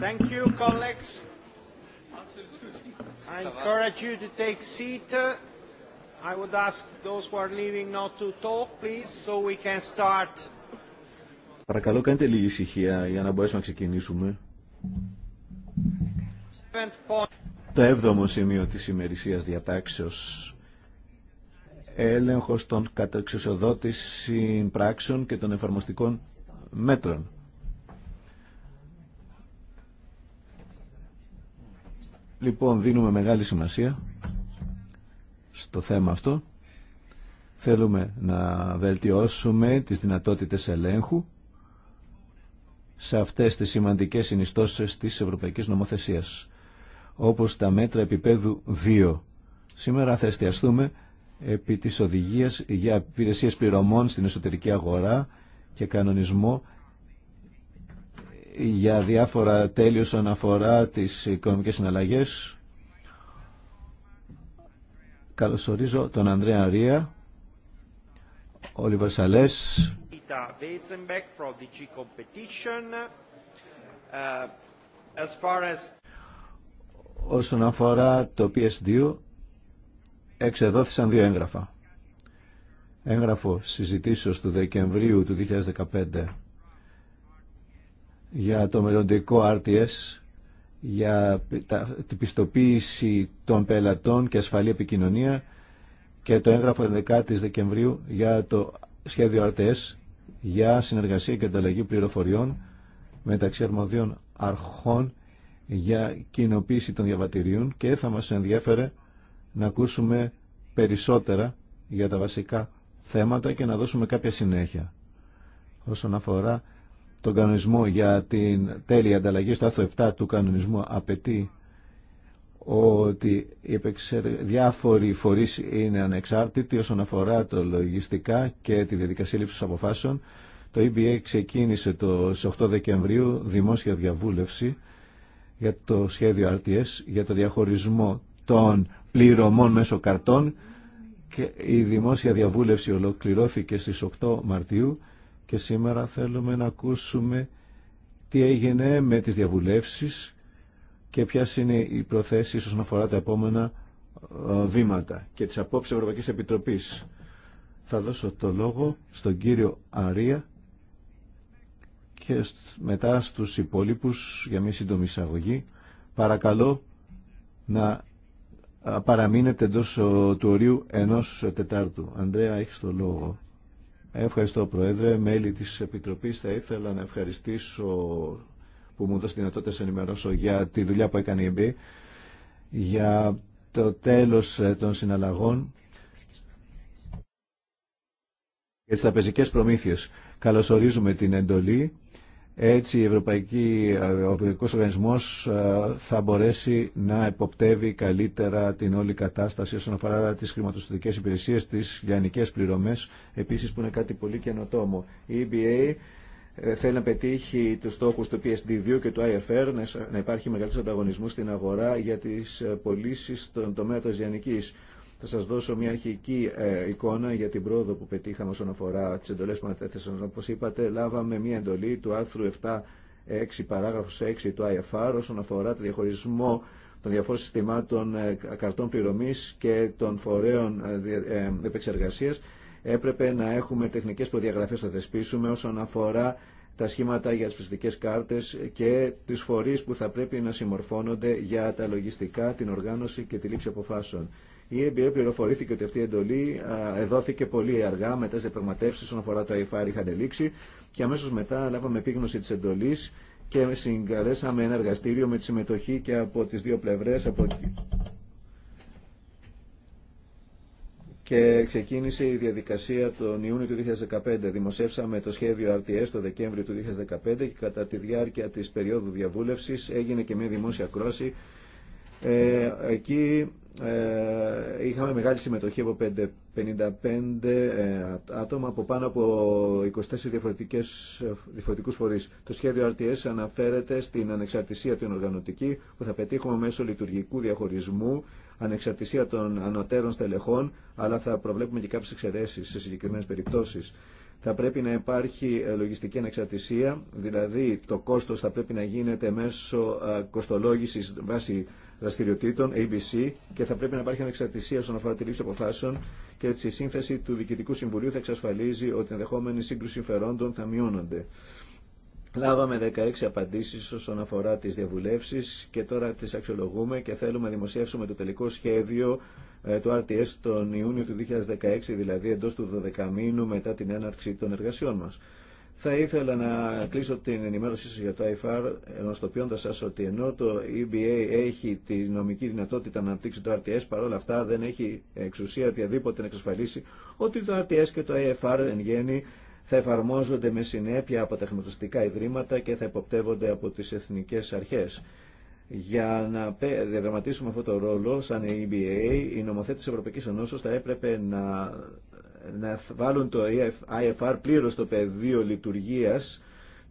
Thank you, colleagues. I encourage you to take seat. I would ask those who are leaving not to talk, please, so we can start. Παρακαλώ κάντε λίγη ησυχία για να μπορέσουμε να ξεκινήσουμε. Το έβδομο σημείο της ημερησίας διατάξεως έλεγχος των κατεξουσιοδότηση πράξεων και των εφαρμοστικών μέτρων. Λοιπόν, δίνουμε μεγάλη σημασία στο θέμα αυτό. Θέλουμε να βελτιώσουμε τις δυνατότητες ελέγχου σε αυτές τις σημαντικές συνιστώσεις της Ευρωπαϊκής Νομοθεσίας, όπως τα μέτρα επίπεδου 2. Σήμερα θα εστιαστούμε επί της οδηγίας για υπηρεσίε πληρωμών στην εσωτερική αγορά και κανονισμό για διάφορα τέλη όσον αφορά τις οικονομικές συναλλαγές. Καλωσορίζω τον Ανδρέα Ρία, Όλιβερ Σαλές, ε, Όσον αφορά το PS2, εξεδόθησαν δύο έγγραφα. Έγγραφο συζητήσεως του Δεκεμβρίου του 2015 για το μελλοντικό RTS, για την πιστοποίηση των πελατών και ασφαλή επικοινωνία και το έγγραφο 11 Δεκεμβρίου για το σχέδιο RTS για συνεργασία και ανταλλαγή πληροφοριών μεταξύ αρμοδίων αρχών για κοινοποίηση των διαβατηρίων και θα μας ενδιέφερε να ακούσουμε περισσότερα για τα βασικά θέματα και να δώσουμε κάποια συνέχεια όσον αφορά τον κανονισμό για την τέλεια ανταλλαγή στο άρθρο 7 του κανονισμού απαιτεί ότι οι διάφοροι φορείς είναι ανεξάρτητοι όσον αφορά το λογιστικά και τη διαδικασία λήψης αποφάσεων. Το EBA ξεκίνησε το 8 Δεκεμβρίου δημόσια διαβούλευση για το σχέδιο RTS, για το διαχωρισμό των πληρωμών μέσω καρτών και η δημόσια διαβούλευση ολοκληρώθηκε στις 8 Μαρτίου και σήμερα θέλουμε να ακούσουμε τι έγινε με τις διαβουλεύσεις και ποια είναι οι προθέσεις όσον αφορά τα επόμενα ε, βήματα και τις απόψεις Ευρωπαϊκής Επιτροπής. Θα δώσω το λόγο στον κύριο Αρία και μετά στους υπόλοιπους για μια σύντομη εισαγωγή. Παρακαλώ να ε, παραμείνετε εντός ε, του ορίου ενός τετάρτου. Ανδρέα, έχεις το λόγο. Ευχαριστώ Πρόεδρε. Μέλη της Επιτροπής θα ήθελα να ευχαριστήσω που μου δώσει τη δυνατότητα να ενημερώσω για τη δουλειά που έκανε η ΕΜΠΗ. για το τέλος ε, των συναλλαγών για τις τραπεζικές προμήθειες. Καλωσορίζουμε την εντολή έτσι η Ευρωπαϊκή, ο Ευρωπαϊκός Οργανισμός ε, θα μπορέσει να εποπτεύει καλύτερα την όλη κατάσταση όσον αφορά τις χρηματοστατικές υπηρεσίες, τις λιανικές πληρωμές, επίσης που είναι κάτι πολύ καινοτόμο. Η EBA ε, θέλει να πετύχει τους στόχους του PSD2 και του IFR, να υπάρχει μεγαλύτερο ανταγωνισμός στην αγορά για τις ε, πωλήσει στον τομέα της λιανική. Θα σα δώσω μια αρχική ε, εικόνα για την πρόοδο που πετύχαμε όσον αφορά τι εντολές που ανατέθεσαν. Όπως είπατε, λάβαμε μια εντολή του άρθρου 7,6 6, 6 του IFR όσον αφορά το διαχωρισμό των διαφόρων συστημάτων ε, καρτών πληρωμή και των φορέων ε, επεξεργασία, Έπρεπε να έχουμε τεχνικές προδιαγραφές να θεσπίσουμε όσον αφορά τα σχήματα για τις φυσικές κάρτες και τις φορείς που θα πρέπει να συμμορφώνονται για τα λογιστικά, την οργάνωση και τη λήψη αποφάσεων. Η EBA πληροφορήθηκε ότι αυτή η εντολή εδόθηκε πολύ αργά μετά τι πραγματεύσει όσον αφορά το IFR είχαν λήξει και αμέσω μετά λάβαμε επίγνωση τη εντολή και συγκαλέσαμε ένα εργαστήριο με τη συμμετοχή και από τις δύο πλευρές από... και ξεκίνησε η διαδικασία τον Ιούνιο του 2015. Δημοσιεύσαμε το σχέδιο RTS το Δεκέμβριο του 2015 και κατά τη διάρκεια της περίοδου διαβούλευσης έγινε και μια δημόσια κρόση. Ε, εκεί ε, είχαμε μεγάλη συμμετοχή από 55 ε, άτομα από πάνω από 24 διαφορετικές, ε, διαφορετικούς φορείς. Το σχέδιο RTS αναφέρεται στην ανεξαρτησία την οργανωτική που θα πετύχουμε μέσω λειτουργικού διαχωρισμού, ανεξαρτησία των ανωτέρων στελεχών, αλλά θα προβλέπουμε και κάποιες εξαιρέσει σε συγκεκριμένε περιπτώσεις. Θα πρέπει να υπάρχει λογιστική ανεξαρτησία, δηλαδή το κόστος θα πρέπει να γίνεται μέσω κοστολόγησης βάσει δραστηριοτήτων, ABC, και θα πρέπει να υπάρχει ανεξαρτησία όσον αφορά τη λήψη αποφάσεων και έτσι η σύνθεση του Διοικητικού Συμβουλίου θα εξασφαλίζει ότι ενδεχόμενη σύγκρουση συμφερόντων θα μειώνονται. Λάβαμε 16 απαντήσει όσον αφορά τι διαβουλεύσει και τώρα τι αξιολογούμε και θέλουμε να δημοσιεύσουμε το τελικό σχέδιο ε, του RTS τον Ιούνιο του 2016, δηλαδή εντό του 12 μήνου μετά την έναρξη των εργασιών μα. Θα ήθελα να κλείσω την ενημέρωσή σας για το IFR, γνωστοποιώντας σας ότι ενώ το EBA έχει τη νομική δυνατότητα να αναπτύξει το RTS, παρόλα αυτά δεν έχει εξουσία οποιαδήποτε να εξασφαλίσει ότι το RTS και το IFR εν γέννη θα εφαρμόζονται με συνέπεια από τα χρηματοστατικά ιδρύματα και θα υποπτεύονται από τις εθνικές αρχές. Για να διαδραματίσουμε αυτό το ρόλο, σαν EBA, η νομοθέτηση της Ευρωπαϊκής Ενώσεως θα έπρεπε να να βάλουν το IFR πλήρως στο πεδίο λειτουργίας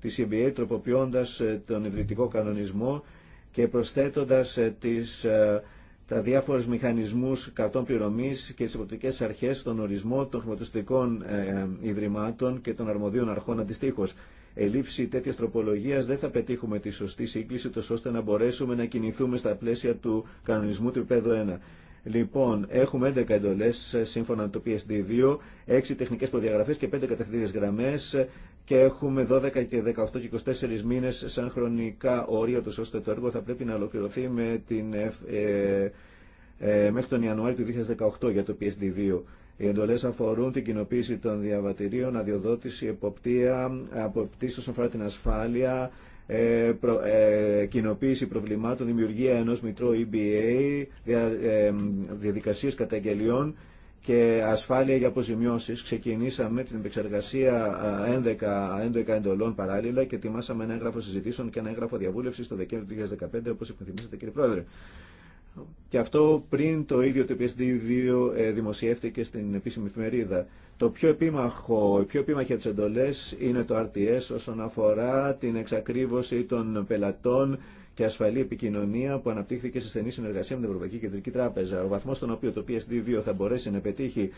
της EBA τροποποιώντας ε, τον ιδρυτικό κανονισμό και προσθέτοντας ε, τις, ε, τα διάφορους μηχανισμούς καρτών πληρωμής και τις εποπτικές αρχές στον ορισμό των χρηματοστικών ιδρυμάτων και των αρμοδίων αρχών αντιστοίχως. Ελήψη τέτοια τροπολογία δεν θα πετύχουμε τη σωστή σύγκληση, τόσο ώστε να μπορέσουμε να κινηθούμε στα πλαίσια του κανονισμού του επίπεδου 1. Λοιπόν, έχουμε 11 εντολέ ε, σύμφωνα με το PSD2, 6 τεχνικέ προδιαγραφέ και 5 κατευθυντήριε γραμμέ και έχουμε 12 και 18 και 24 μήνε σαν χρονικά όρια, του ώστε το έργο θα πρέπει να ολοκληρωθεί με την, ε, ε, μέχρι τον Ιανουάριο του 2018 για το PSD2. Οι εντολέ αφορούν την κοινοποίηση των διαβατηρίων, αδειοδότηση, εποπτεία, αποπτήσει όσον αφορά την ασφάλεια, ε, προ, ε, κοινοποίηση προβλημάτων, δημιουργία ενός μητρώου EBA, δια, ε, διαδικασίες καταγγελιών και ασφάλεια για αποζημιώσεις. Ξεκινήσαμε την επεξεργασία 11, 11 εντολών παράλληλα και ετοιμάσαμε ένα έγγραφο συζητήσεων και ένα έγγραφο διαβούλευση το Δεκέμβριο του 2015, όπως υποθυμίσατε κύριε Πρόεδρε και αυτό πριν το ίδιο το PSD2 ε, δημοσιεύθηκε στην επίσημη εφημερίδα. Το πιο επίμαχο, η πιο επίμαχη από τις εντολές είναι το RTS όσον αφορά την εξακρίβωση των πελατών και ασφαλή επικοινωνία που αναπτύχθηκε σε στενή συνεργασία με την Ευρωπαϊκή Κεντρική Τράπεζα. Ο βαθμός στον οποίο το PSD2 θα μπορέσει να πετύχει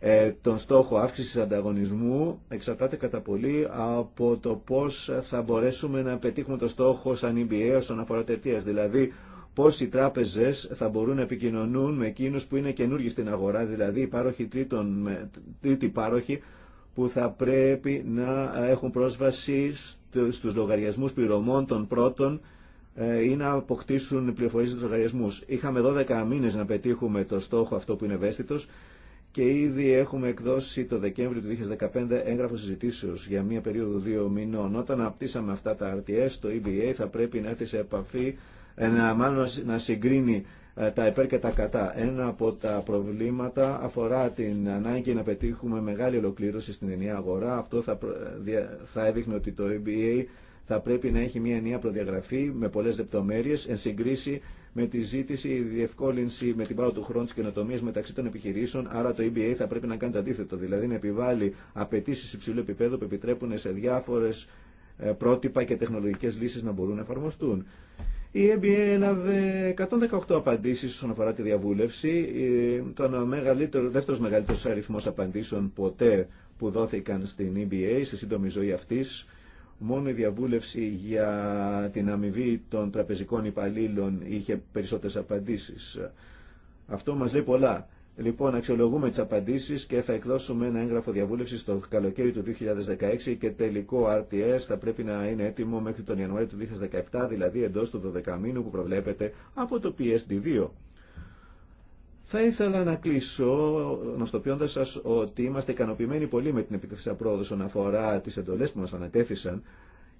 ε, τον στόχο αύξηση ανταγωνισμού εξαρτάται κατά πολύ από το πώς θα μπορέσουμε να πετύχουμε το στόχο σαν EBA όσον αφορά τερτίας. Δηλαδή πώς οι τράπεζες θα μπορούν να επικοινωνούν με εκείνους που είναι καινούργοι στην αγορά, δηλαδή οι πάροχοι τρίτων, τρίτοι πάροχοι που θα πρέπει να έχουν πρόσβαση στους λογαριασμούς πληρωμών των πρώτων ε, ή να αποκτήσουν πληροφορίες στους λογαριασμούς. Είχαμε 12 μήνες να πετύχουμε το στόχο αυτό που είναι ευαίσθητος και ήδη έχουμε εκδώσει το Δεκέμβριο του 2015 έγγραφο συζητήσεω για μία περίοδο δύο μηνών. Όταν απτύσσαμε αυτά τα RTS, το EBA θα πρέπει να έρθει σε επαφή να, μάλλον να συγκρίνει ε, τα υπέρ και τα κατά. Ένα από τα προβλήματα αφορά την ανάγκη να πετύχουμε μεγάλη ολοκλήρωση στην ενιαία αγορά. Αυτό θα, ε, θα έδειχνε ότι το EBA θα πρέπει να έχει μια ενιαία προδιαγραφή με πολλές λεπτομέρειες εν συγκρίση με τη ζήτηση η διευκόλυνση με την πάρα του χρόνου τη καινοτομία μεταξύ των επιχειρήσεων. Άρα το EBA θα πρέπει να κάνει το αντίθετο, δηλαδή να επιβάλλει απαιτήσει υψηλού επίπεδου που επιτρέπουν σε διάφορε ε, πρότυπα και τεχνολογικέ λύσει να μπορούν να εφαρμοστούν. Η EBA έλαβε 118 απαντήσεις όσον αφορά τη διαβούλευση. Ε, το μεγαλύτερο, δεύτερος μεγαλύτερος αριθμός απαντήσεων ποτέ που δόθηκαν στην EBA στη σύντομη ζωή αυτής. Μόνο η διαβούλευση για την αμοιβή των τραπεζικών υπαλλήλων είχε περισσότερες απαντήσεις. Αυτό μας λέει πολλά Λοιπόν, αξιολογούμε τι απαντήσει και θα εκδώσουμε ένα έγγραφο διαβούλευση στο καλοκαίρι του 2016 και τελικό RTS θα πρέπει να είναι έτοιμο μέχρι τον Ιανουάριο του 2017, δηλαδή εντό του 12 μήνου που προβλέπεται από το PSD2. Θα ήθελα να κλείσω γνωστοποιώντα σα ότι είμαστε ικανοποιημένοι πολύ με την επίθεση πρόοδο όσον αφορά τι εντολέ που μα ανατέθησαν.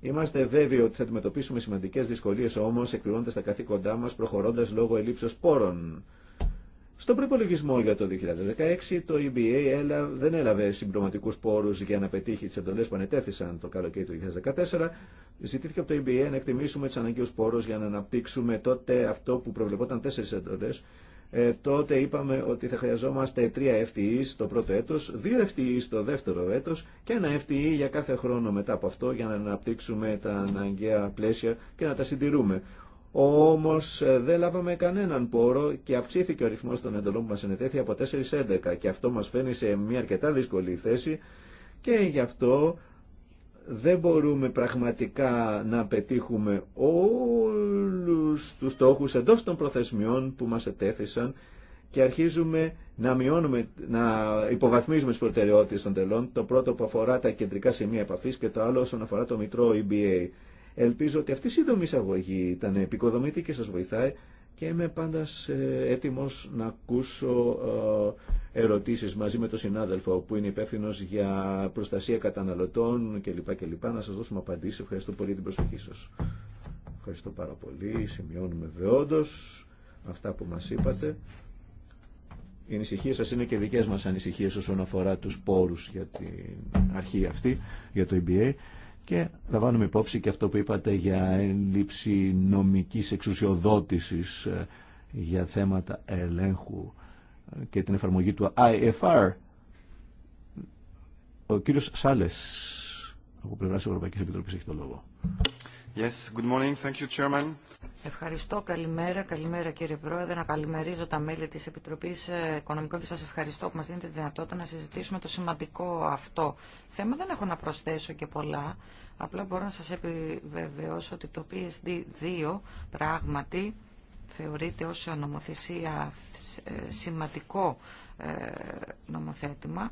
Είμαστε βέβαιοι ότι θα αντιμετωπίσουμε σημαντικέ δυσκολίε όμω εκπληρώνοντα τα καθήκοντά μα προχωρώντα λόγω ελλείψεω πόρων. Στον προπολογισμό για το 2016 το EBA δεν έλαβε συμπληρωματικού πόρου για να πετύχει τι εντολέ που ανετέθησαν το καλοκαίρι του 2014. Ζητήθηκε από το EBA να εκτιμήσουμε του αναγκαίου πόρου για να αναπτύξουμε τότε αυτό που προβλεπόταν τέσσερι εντολέ. Ε, τότε είπαμε ότι θα χρειαζόμαστε τρία FTE στο πρώτο έτος, δύο FTE στο δεύτερο έτος και ένα FTE για κάθε χρόνο μετά από αυτό για να αναπτύξουμε τα αναγκαία πλαίσια και να τα συντηρούμε. Όμως ε, δεν λάβαμε κανέναν πόρο και αυξήθηκε ο ρυθμός των εντολών που μας συνετέθη από 4-11 και αυτό μας φαίνει σε μια αρκετά δύσκολη θέση και γι' αυτό δεν μπορούμε πραγματικά να πετύχουμε όλους τους στόχους εντός των προθεσμιών που μας ετέθησαν και αρχίζουμε να, μειώνουμε, να υποβαθμίζουμε τις προτεραιότητες των τελών, το πρώτο που αφορά τα κεντρικά σημεία επαφής και το άλλο όσον αφορά το μητρό EBA. Ελπίζω ότι αυτή η σύντομη εισαγωγή ήταν επικοδομητή και σας βοηθάει και είμαι πάντα έτοιμος να ακούσω ε, ερωτήσεις μαζί με τον συνάδελφο που είναι υπεύθυνο για προστασία καταναλωτών κλπ. κλπ. Να σας δώσουμε απαντήσεις. Ευχαριστώ πολύ την προσοχή σας. Ευχαριστώ πάρα πολύ. Σημειώνουμε δεόντως αυτά που μας είπατε. Οι ανησυχίε σας είναι και δικές μας ανησυχίες όσον αφορά τους πόρους για την αρχή αυτή, για το EBA. Και λαμβάνουμε υπόψη και αυτό που είπατε για έλλειψη νομικής εξουσιοδότησης ε, για θέματα ελέγχου ε, και την εφαρμογή του IFR. Ο κύριος Σάλες από πλευράς Ευρωπαϊκής Επιτροπής έχει το λόγο. Ευχαριστώ. Καλημέρα. Καλημέρα κύριε Πρόεδρε. Να καλημερίζω τα μέλη της Επιτροπής ε, Οικονομικών και σας ευχαριστώ που μας δίνετε τη δυνατότητα να συζητήσουμε το σημαντικό αυτό θέμα. Δεν έχω να προσθέσω και πολλά. Απλά μπορώ να σας επιβεβαιώσω ότι το PSD2 πράγματι θεωρείται ως νομοθεσία ε, σημαντικό ε, νομοθέτημα.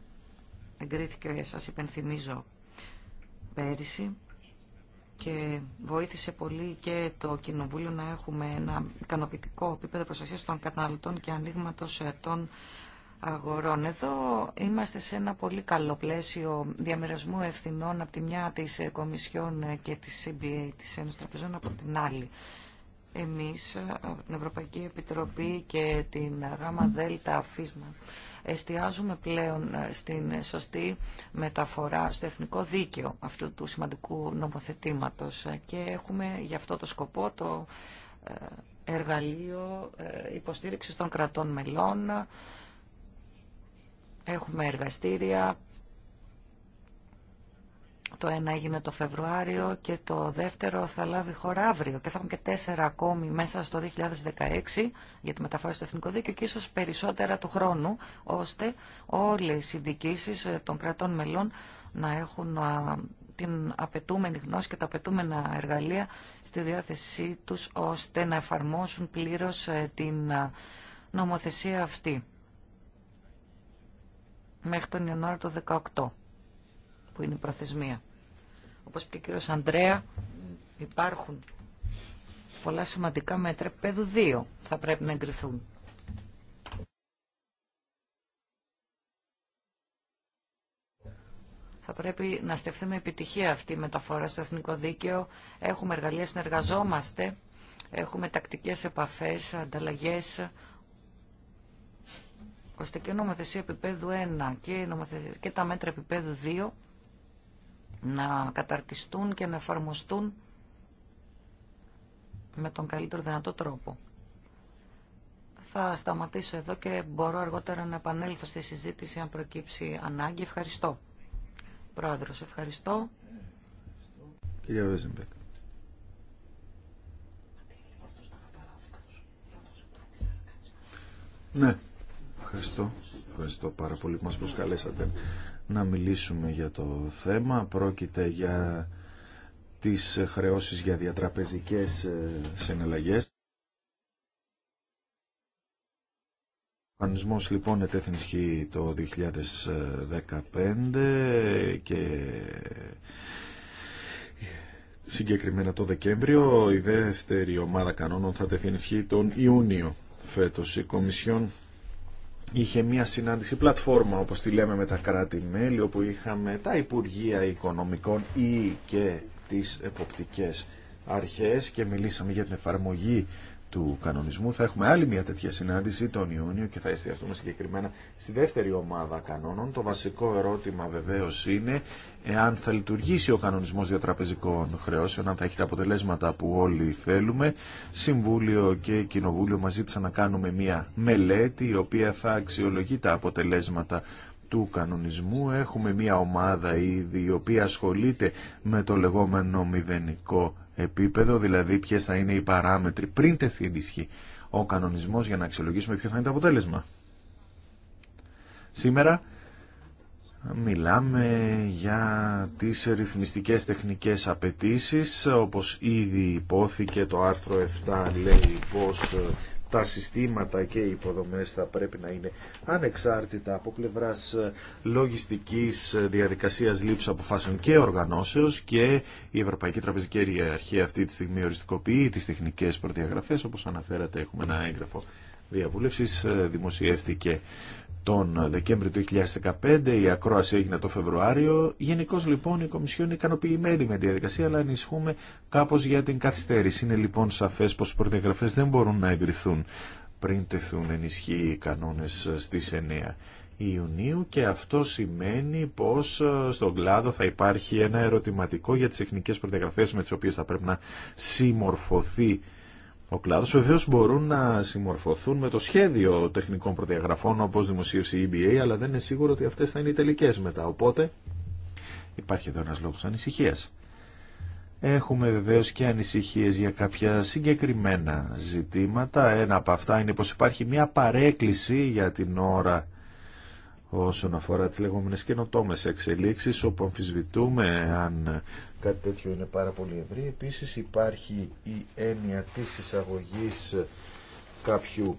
Εγκρίθηκε, σας υπενθυμίζω, πέρυσι και βοήθησε πολύ και το Κοινοβούλιο να έχουμε ένα ικανοποιητικό επίπεδο προστασίας των καταναλωτών και ανοίγματο ε, των αγορών. Εδώ είμαστε σε ένα πολύ καλό πλαίσιο διαμερισμού ευθυνών από τη μια της ε, Κομισιόν ε, και της CBA της Ένωσης από την άλλη εμείς ε, την Ευρωπαϊκή Επιτροπή και την ΓΑΜΑ ΔΕΛΤΑ Αφίσμα, εστιάζουμε πλέον ε, στην σωστή μεταφορά στο εθνικό δίκαιο αυτού του σημαντικού νομοθετήματος ε, και έχουμε γι' αυτό το σκοπό το εργαλείο υποστήριξης των κρατών μελών. Έχουμε εργαστήρια, το ένα έγινε το Φεβρουάριο και το δεύτερο θα λάβει χώρα αύριο. Και θα έχουμε και τέσσερα ακόμη μέσα στο 2016 για τη μεταφορά στο Εθνικό Δίκαιο και ίσως περισσότερα του χρόνου, ώστε όλες οι διοικήσεις ε, των κρατών μελών να έχουν την απαιτούμενη γνώση και τα απαιτούμενα εργαλεία στη διάθεσή τους, ώστε να εφαρμόσουν πλήρως ε, την νομοθεσία αυτή μέχρι τον Ιανουάριο του 2018 που είναι η προθεσμία. Όπως είπε και ο κύριος Αντρέα, υπάρχουν πολλά σημαντικά μέτρα επίπεδου 2 θα πρέπει να εγκριθούν. Θα πρέπει να στεφθεί με επιτυχία αυτή η μεταφορά στο εθνικό δίκαιο. Έχουμε εργαλεία, συνεργαζόμαστε, έχουμε τακτικές επαφές, ανταλλαγές, ώστε και νομοθεσία επίπεδου 1 και, και τα μέτρα επίπεδου 2 να καταρτιστούν και να εφαρμοστούν με τον καλύτερο δυνατό τρόπο. Θα σταματήσω εδώ και μπορώ αργότερα να επανέλθω στη συζήτηση αν προκύψει ανάγκη. Ευχαριστώ. Πρόεδρος, ευχαριστώ. Κυρία Βέζεμπεκ. Ναι, ευχαριστώ. Ευχαριστώ πάρα πολύ που μας προσκαλέσατε να μιλήσουμε για το θέμα. Πρόκειται για τις χρεώσεις για διατραπεζικές ε, συναλλαγές. Ο οργανισμό λοιπόν το 2015 και συγκεκριμένα το Δεκέμβριο. Η δεύτερη ομάδα κανόνων θα τεθεί ισχύ τον Ιούνιο φέτος. Η είχε μια συνάντηση πλατφόρμα όπως τη λέμε με τα κράτη-μέλη όπου είχαμε τα Υπουργεία Οικονομικών ή και τις εποπτικές αρχές και μιλήσαμε για την εφαρμογή του κανονισμού. Θα έχουμε άλλη μια τέτοια συνάντηση τον Ιούνιο και θα εστιαστούμε συγκεκριμένα στη δεύτερη ομάδα κανόνων. Το βασικό ερώτημα βεβαίω είναι εάν θα λειτουργήσει ο κανονισμό διατραπεζικών χρεώσεων, αν θα έχει τα αποτελέσματα που όλοι θέλουμε. Συμβούλιο και Κοινοβούλιο μαζί ζήτησαν να κάνουμε μια μελέτη η οποία θα αξιολογεί τα αποτελέσματα του κανονισμού. Έχουμε μια ομάδα ήδη η οποία ασχολείται με το λεγόμενο μηδενικό επίπεδο, δηλαδή ποιε θα είναι οι παράμετροι πριν τεθεί ενισχύ ο κανονισμός για να αξιολογήσουμε ποιο θα είναι το αποτέλεσμα. Σήμερα μιλάμε για τις ρυθμιστικές τεχνικές απαιτήσεις, όπως ήδη υπόθηκε το άρθρο 7 λέει πως τα συστήματα και οι υποδομές θα πρέπει να είναι ανεξάρτητα από πλευράς ε, λογιστικής ε, διαδικασίας λήψη αποφάσεων και οργανώσεως και η Ευρωπαϊκή Τραπεζική Αρχή αυτή τη στιγμή οριστικοποιεί τις τεχνικές προδιαγραφές όπως αναφέρατε έχουμε ένα έγγραφο διαβούλευσης ε, δημοσιεύτηκε τον Δεκέμβρη του 2015, η ακρόαση έγινε το Φεβρουάριο. Γενικώ λοιπόν η Κομισιόν είναι ικανοποιημένη με τη διαδικασία, αλλά ανησυχούμε κάπω για την καθυστέρηση. Είναι λοιπόν σαφέ πω οι προδιαγραφέ δεν μπορούν να εγκριθούν πριν τεθούν ενισχύει οι κανόνε στι 9. Ιουνίου και αυτό σημαίνει πως ε, στον κλάδο θα υπάρχει ένα ερωτηματικό για τις τεχνικές προδιαγραφές με τις οποίες θα πρέπει να συμμορφωθεί ο κλάδος βεβαίως μπορούν να συμμορφωθούν με το σχέδιο τεχνικών προδιαγραφών όπως δημοσίευσε η EBA αλλά δεν είναι σίγουρο ότι αυτές θα είναι οι τελικές μετά οπότε υπάρχει εδώ ένας λόγος ανησυχίας. Έχουμε βεβαίως και ανησυχίες για κάποια συγκεκριμένα ζητήματα. Ένα από αυτά είναι πως υπάρχει μια παρέκκληση για την ώρα όσον αφορά τις λεγόμενες καινοτόμες εξελίξεις όπου αμφισβητούμε αν κάτι τέτοιο είναι πάρα πολύ ευρύ. Επίσης υπάρχει η έννοια της εισαγωγής κάποιου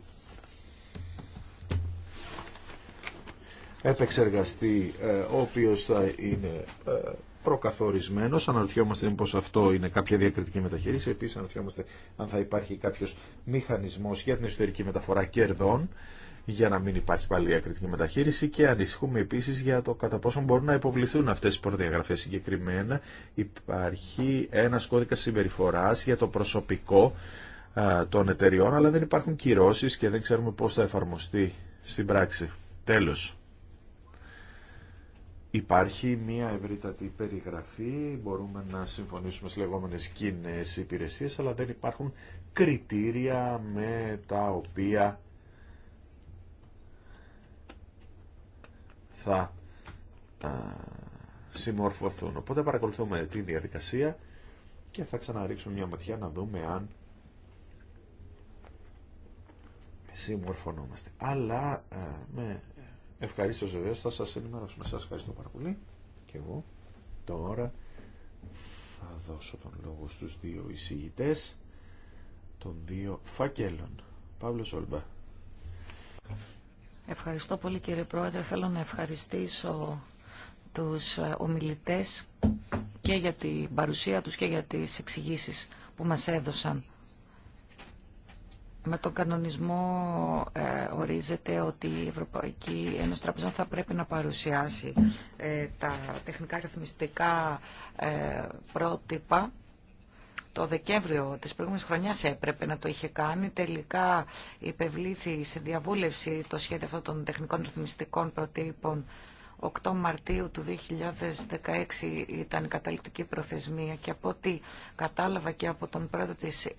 επεξεργαστή ε, ο οποίος θα είναι ε, προκαθορισμένος. Αναρωτιόμαστε πως αυτό είναι κάποια διακριτική μεταχείριση. Επίσης αναρωτιόμαστε αν θα υπάρχει κάποιος μηχανισμός για την εσωτερική μεταφορά κερδών για να μην υπάρχει πάλι ακριτική μεταχείριση και ανησυχούμε επίση για το κατά πόσο μπορούν να υποβληθούν αυτέ οι προδιαγραφέ. συγκεκριμένα. Υπάρχει ένα κώδικα συμπεριφορά για το προσωπικό των εταιριών, αλλά δεν υπάρχουν κυρώσει και δεν ξέρουμε πώ θα εφαρμοστεί στην πράξη. Τέλο, Υπάρχει μία ευρύτατη περιγραφή, μπορούμε να συμφωνήσουμε στις λεγόμενες κοινές υπηρεσίες, αλλά δεν υπάρχουν κριτήρια με τα οποία θα συμμορφωθούν. Οπότε παρακολουθούμε τη διαδικασία και θα ξαναρίξουμε μια ματιά να δούμε αν συμμορφωνόμαστε. Αλλά με ευχαρίστω βεβαίω θα σας ενημερώσουμε. Σας ευχαριστώ πάρα πολύ και εγώ τώρα θα δώσω τον λόγο στους δύο εισηγητές των δύο φακέλων. Παύλος Ολμπαθ. Ευχαριστώ πολύ κύριε Πρόεδρε. Θέλω να ευχαριστήσω τους ε, ομιλητές και για την παρουσία τους και για τις εξηγήσει που μας έδωσαν. Με τον κανονισμό ε, ορίζεται ότι η Ευρωπαϊκή Ένωση Τραπεζών θα πρέπει να παρουσιάσει ε, τα τεχνικά ρυθμιστικά πρότυπα το Δεκέμβριο της προηγούμενης χρονιάς έπρεπε να το είχε κάνει. Τελικά υπευλήθη σε διαβούλευση το σχέδιο αυτών των τεχνικών ρυθμιστικών προτύπων 8 Μαρτίου του 2016 ήταν η καταληκτική προθεσμία και από ό,τι κατάλαβα και από τον πρόεδρο της ε,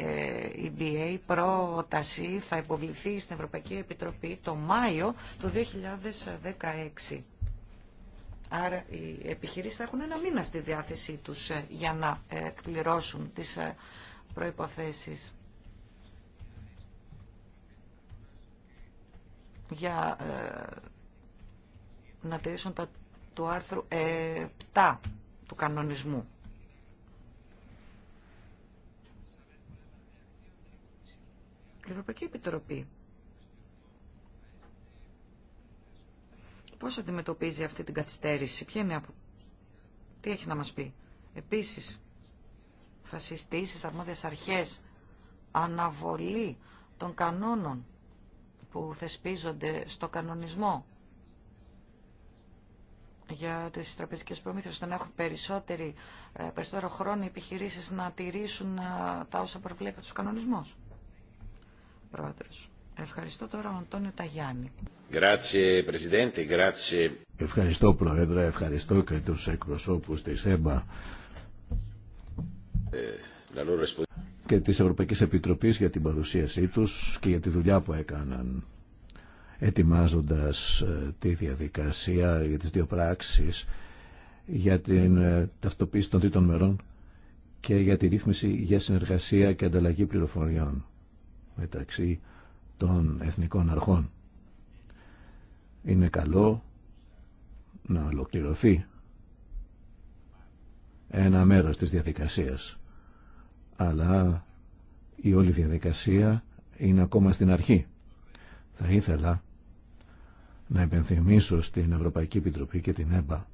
EBA η πρόταση θα υποβληθεί στην Ευρωπαϊκή Επιτροπή το Μάιο του 2016. Άρα οι επιχειρήσεις θα έχουν ένα μήνα στη διάθεσή τους ε, για να ε, εκπληρώσουν τις ε, προϋποθέσεις. Για να τηρήσουν το άρθρο άρθρου 7 του κανονισμού. Η Ευρωπαϊκή Επιτροπή Πώς αντιμετωπίζει αυτή την καθυστέρηση, ποια από... τι έχει να μας πει. Επίσης, θα συστήσει αρμόδιες αρχές αναβολή των κανόνων που θεσπίζονται στο κανονισμό για τις τραπεζικές προμήθειες, ώστε να έχουν περισσότερη, ε, περισσότερο χρόνο οι επιχειρήσεις να τηρήσουν ε, τα όσα προβλέπεται στους κανονισμούς. Πρόεδρος. Ευχαριστώ τώρα ο Αντώνιο Ταγιάννη. Ευχαριστώ Πρόεδρε, ευχαριστώ και τους εκπροσώπους της ΕΜΠΑ ε, και της Ευρωπαϊκής Επιτροπής για την παρουσίασή τους και για τη δουλειά που έκαναν ετοιμάζοντας ε, τη διαδικασία για τις δύο πράξεις για την ε, ταυτοποίηση των τρίτων μερών και για τη ρύθμιση για συνεργασία και ανταλλαγή πληροφοριών μεταξύ των εθνικών αρχών. Είναι καλό να ολοκληρωθεί ένα μέρος της διαδικασίας. Αλλά η όλη διαδικασία είναι ακόμα στην αρχή. Θα ήθελα να υπενθυμίσω στην Ευρωπαϊκή Επιτροπή και την ΕΜΠΑ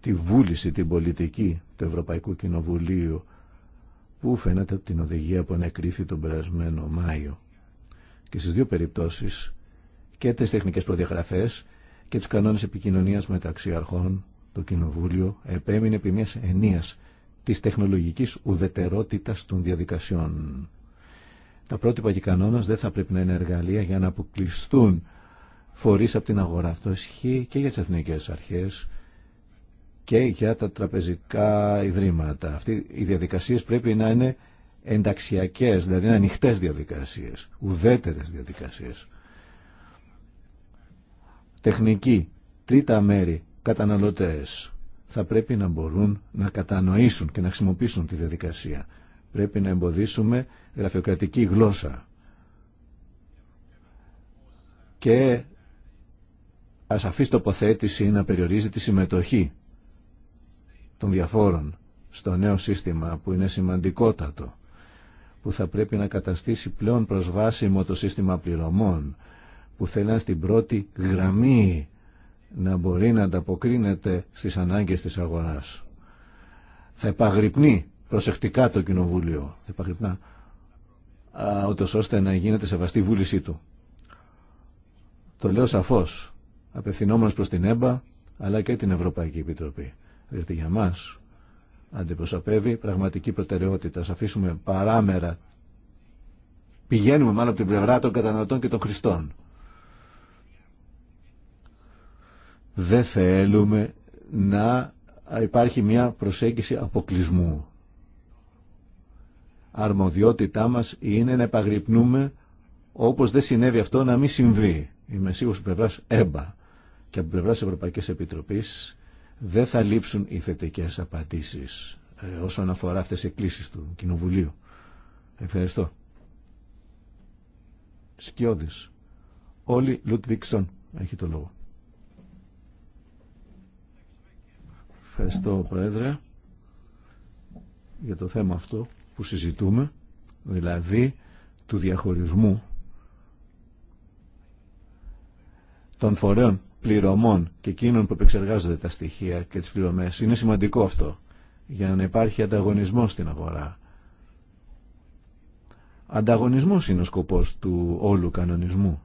τη βούληση, την πολιτική του Ευρωπαϊκού Κοινοβουλίου που φαίνεται από την οδηγία που ανακρίθη τον περασμένο Μάιο. Και στις δύο περιπτώσεις και τις τεχνικές προδιαγραφές και τους κανόνες επικοινωνίας μεταξύ αρχών το Κοινοβούλιο επέμεινε επί μιας ενίας της τεχνολογικής ουδετερότητας των διαδικασιών. Τα πρότυπα και κανόνας δεν θα πρέπει να είναι εργαλεία για να αποκλειστούν φορείς από την αγορά. Αυτό ισχύει και για τις εθνικές αρχές και για τα τραπεζικά ιδρύματα. Αυτή οι διαδικασίες πρέπει να είναι ενταξιακές, δηλαδή είναι ανοιχτές διαδικασίες, ουδέτερες διαδικασίες. Τεχνική, τρίτα μέρη, καταναλωτές θα πρέπει να μπορούν να κατανοήσουν και να χρησιμοποιήσουν τη διαδικασία. Πρέπει να εμποδίσουμε γραφειοκρατική γλώσσα. Και αφήσει τοποθέτηση να περιορίζει τη συμμετοχή των διαφόρων στο νέο σύστημα που είναι σημαντικότατο που θα πρέπει να καταστήσει πλέον προσβάσιμο το σύστημα πληρωμών που θέλει να στην πρώτη γραμμή να μπορεί να ανταποκρίνεται στις ανάγκες της αγοράς. Θα επαγρυπνεί προσεκτικά το Κοινοβούλιο, θα επαγρυπνά, ούτως ώστε να γίνεται σεβαστή βούλησή του. Το λέω σαφώς, απευθυνόμενος προς την ΕΜΠΑ, αλλά και την Ευρωπαϊκή Επιτροπή διότι για μας αντιπροσωπεύει πραγματική προτεραιότητα. αφήσουμε παράμερα, πηγαίνουμε μάλλον από την πλευρά των καταναλωτών και των χριστών Δεν θέλουμε να υπάρχει μια προσέγγιση αποκλεισμού. Αρμοδιότητά μας είναι να επαγρυπνούμε όπως δεν συνέβη αυτό να μην συμβεί. Είμαι σίγουρος από πλευράς ΕΜΠΑ και από πλευρά Ευρωπαϊκής Επιτροπής δεν θα λείψουν οι θετικές απαντήσεις ε, όσον αφορά αυτές τι εκκλήσεις του Κοινοβουλίου. Ευχαριστώ. Σκιώδης. Όλοι Λουτβίξον έχει το λόγο. Ευχαριστώ Πρόεδρε για το θέμα αυτό που συζητούμε, δηλαδή του διαχωρισμού των φορέων πληρωμών και εκείνων που επεξεργάζονται τα στοιχεία και τις πληρωμές. Είναι σημαντικό αυτό για να υπάρχει ανταγωνισμός στην αγορά. Ανταγωνισμός είναι ο σκοπός του όλου κανονισμού.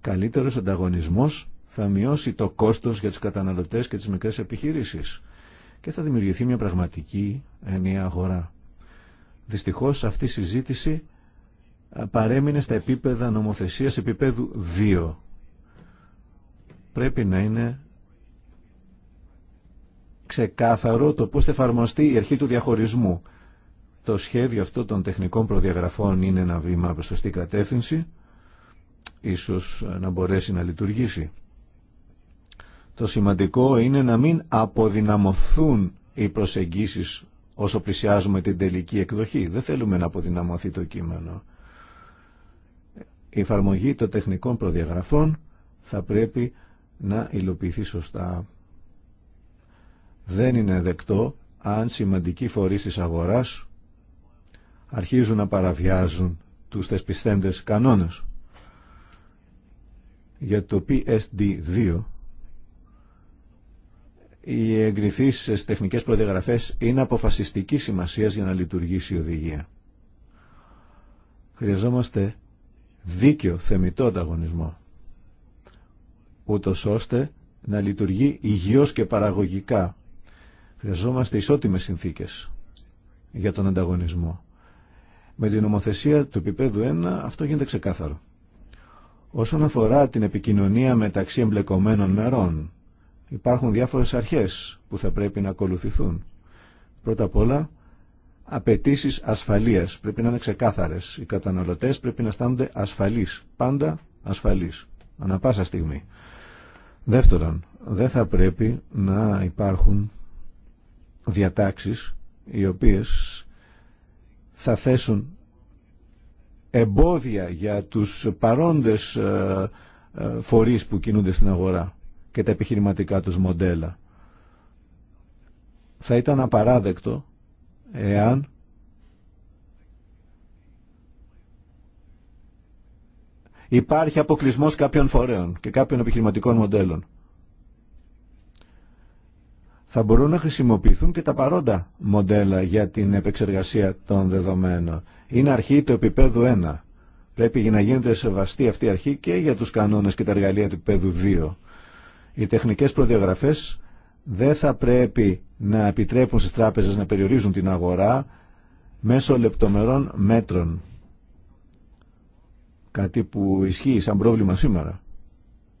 Καλύτερος ανταγωνισμός θα μειώσει το κόστος για τους καταναλωτές και τις μικρές επιχειρήσεις και θα δημιουργηθεί μια πραγματική ενιαία αγορά. Δυστυχώς αυτή η συζήτηση παρέμεινε στα επίπεδα νομοθεσίας επίπεδου 2 πρέπει να είναι ξεκάθαρο το πώς θα εφαρμοστεί η αρχή του διαχωρισμού. Το σχέδιο αυτό των τεχνικών προδιαγραφών είναι ένα βήμα προς σωστή κατεύθυνση, ίσως να μπορέσει να λειτουργήσει. Το σημαντικό είναι να μην αποδυναμωθούν οι προσεγγίσεις όσο πλησιάζουμε την τελική εκδοχή. Δεν θέλουμε να αποδυναμωθεί το κείμενο. Η εφαρμογή των τεχνικών προδιαγραφών θα πρέπει να υλοποιηθεί σωστά. Δεν είναι δεκτό αν σημαντικοί φορείς της αγοράς αρχίζουν να παραβιάζουν τους θεσπιστέντες κανόνες. Για το PSD2 οι εγκριθείς τεχνικές προδιαγραφές είναι αποφασιστική σημασίας για να λειτουργήσει η οδηγία. Χρειαζόμαστε δίκαιο θεμητό ανταγωνισμό ούτω ώστε να λειτουργεί υγιώς και παραγωγικά. Χρειαζόμαστε ισότιμες συνθήκες για τον ανταγωνισμό. Με την νομοθεσία του επίπεδου 1 αυτό γίνεται ξεκάθαρο. Όσον αφορά την επικοινωνία μεταξύ εμπλεκομένων μερών, υπάρχουν διάφορες αρχές που θα πρέπει να ακολουθηθούν. Πρώτα απ' όλα, απαιτήσει ασφαλείας πρέπει να είναι ξεκάθαρες. Οι καταναλωτές πρέπει να αισθάνονται ασφαλείς, πάντα ασφαλείς, ανα πάσα στιγμή. Δεύτερον, δεν θα πρέπει να υπάρχουν διατάξεις οι οποίες θα θέσουν εμπόδια για τους παρόντες ε, ε, φορείς που κινούνται στην αγορά και τα επιχειρηματικά τους μοντέλα. Θα ήταν απαράδεκτο εάν υπάρχει αποκλεισμό κάποιων φορέων και κάποιων επιχειρηματικών μοντέλων. Θα μπορούν να χρησιμοποιηθούν και τα παρόντα μοντέλα για την επεξεργασία των δεδομένων. Είναι αρχή του επίπεδου 1. Πρέπει να γίνεται σεβαστή αυτή η αρχή και για τους κανόνες και τα εργαλεία του επίπεδου 2. Οι τεχνικές προδιαγραφές δεν θα πρέπει να επιτρέπουν στις τράπεζες να περιορίζουν την αγορά μέσω λεπτομερών μέτρων Κάτι που ισχύει σαν πρόβλημα σήμερα.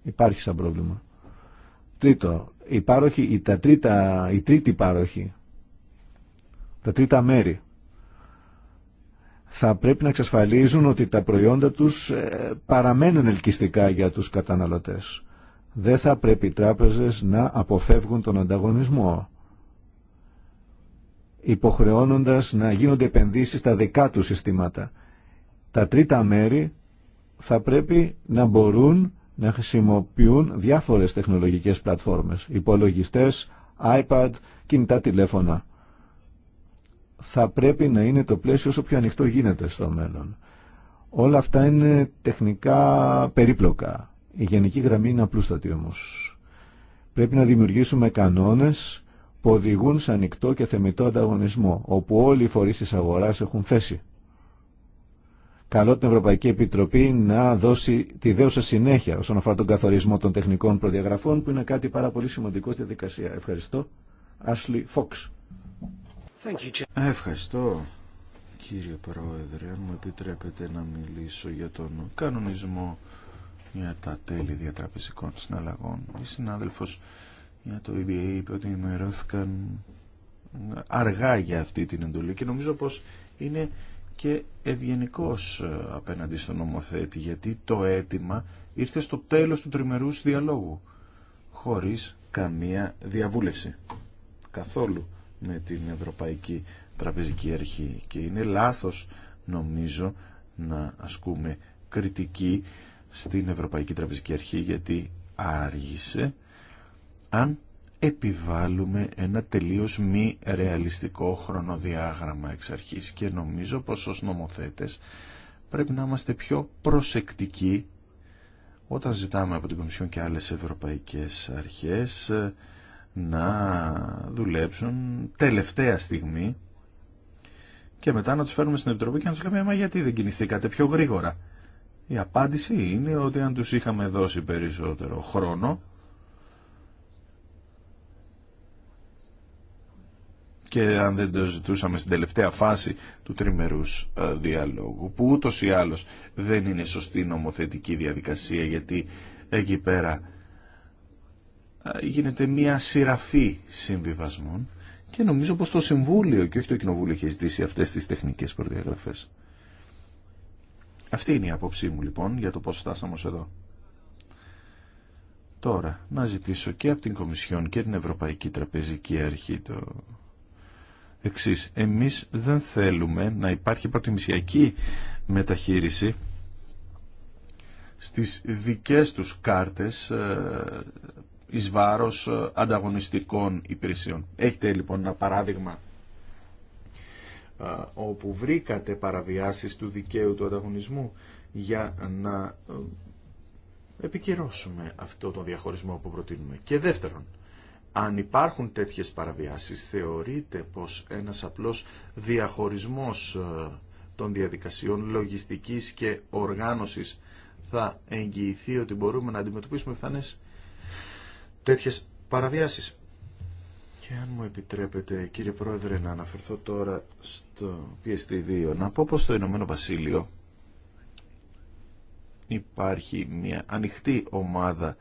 Υπάρχει σαν πρόβλημα. Τρίτο, η πάροχη, η, τα τρίτα, η τρίτη πάροχη, τα τρίτα μέρη, θα πρέπει να εξασφαλίζουν ότι τα προϊόντα τους ε, παραμένουν ελκυστικά για τους καταναλωτές. Δεν θα πρέπει οι τράπεζες να αποφεύγουν τον ανταγωνισμό, υποχρεώνοντας να γίνονται επενδύσεις στα δικά τους συστήματα. Τα τρίτα μέρη θα πρέπει να μπορούν να χρησιμοποιούν διάφορες τεχνολογικές πλατφόρμες, υπολογιστές, iPad, κινητά τηλέφωνα. Θα πρέπει να είναι το πλαίσιο όσο πιο ανοιχτό γίνεται στο μέλλον. Όλα αυτά είναι τεχνικά περίπλοκα. Η γενική γραμμή είναι απλούστατη όμως. Πρέπει να δημιουργήσουμε κανόνες που οδηγούν σε ανοιχτό και θεμητό ανταγωνισμό, όπου όλοι οι φορείς της αγοράς έχουν θέση. Καλό την Ευρωπαϊκή Επιτροπή να δώσει τη δέουσα συνέχεια όσον αφορά τον καθορισμό των τεχνικών προδιαγραφών, που είναι κάτι πάρα πολύ σημαντικό στη διαδικασία. Ευχαριστώ. Ashley Fox. Ευχαριστώ κύριε Πρόεδρε, αν μου επιτρέπετε να μιλήσω για τον κανονισμό για τα τέλη διατραπεζικών συναλλαγών. Η συνάδελφος για το EBA είπε ότι ενημερώθηκαν αργά για αυτή την εντολή και νομίζω πως είναι και ευγενικός ε, απέναντι στον νομοθέτη γιατί το αίτημα ήρθε στο τέλος του τριμερούς διαλόγου χωρίς καμία διαβούλευση καθόλου με την Ευρωπαϊκή Τραπεζική Αρχή και είναι λάθος νομίζω να ασκούμε κριτική στην Ευρωπαϊκή Τραπεζική Αρχή γιατί άργησε αν επιβάλλουμε ένα τελείως μη ρεαλιστικό χρονοδιάγραμμα εξ αρχής και νομίζω πως ως νομοθέτες πρέπει να είμαστε πιο προσεκτικοί όταν ζητάμε από την Κομισιόν και άλλες ευρωπαϊκές αρχές να δουλέψουν τελευταία στιγμή και μετά να τους φέρουμε στην Επιτροπή και να τους λέμε «Μα γιατί δεν κινηθήκατε πιο γρήγορα». Η απάντηση είναι ότι αν τους είχαμε δώσει περισσότερο χρόνο και αν δεν το ζητούσαμε στην τελευταία φάση του τριμερούς ε, διαλόγου που ούτως ή άλλως δεν είναι σωστή νομοθετική διαδικασία γιατί εκεί πέρα ε, γίνεται μια σειραφή συμβιβασμών και νομίζω πως το Συμβούλιο και όχι το Κοινοβούλιο έχει ζητήσει αυτές τις τεχνικές προδιαγραφές. Αυτή είναι η απόψή μου λοιπόν για το πώς φτάσαμε ως εδώ. Τώρα, να ζητήσω και από την Κομισιόν και την Ευρωπαϊκή Τραπεζική Αρχή το εξής. Εμείς δεν θέλουμε να υπάρχει προτιμησιακή μεταχείριση στις δικές τους κάρτες ε, εις βάρος ε, ανταγωνιστικών υπηρεσιών. Έχετε λοιπόν ένα παράδειγμα ε, όπου βρήκατε παραβιάσεις του δικαίου του ανταγωνισμού για να επικυρώσουμε αυτό τον διαχωρισμό που προτείνουμε. Και δεύτερον, αν υπάρχουν τέτοιες παραβιάσεις, θεωρείτε πως ένας απλός διαχωρισμός ε, των διαδικασιών λογιστικής και οργάνωσης θα εγγυηθεί ότι μπορούμε να αντιμετωπίσουμε φθανές τέτοιες παραβιάσεις. Και αν μου επιτρέπετε κύριε Πρόεδρε να αναφερθώ τώρα στο PSD2, να πω πως στο Ηνωμένο Βασίλειο υπάρχει μια ανοιχτή ομάδα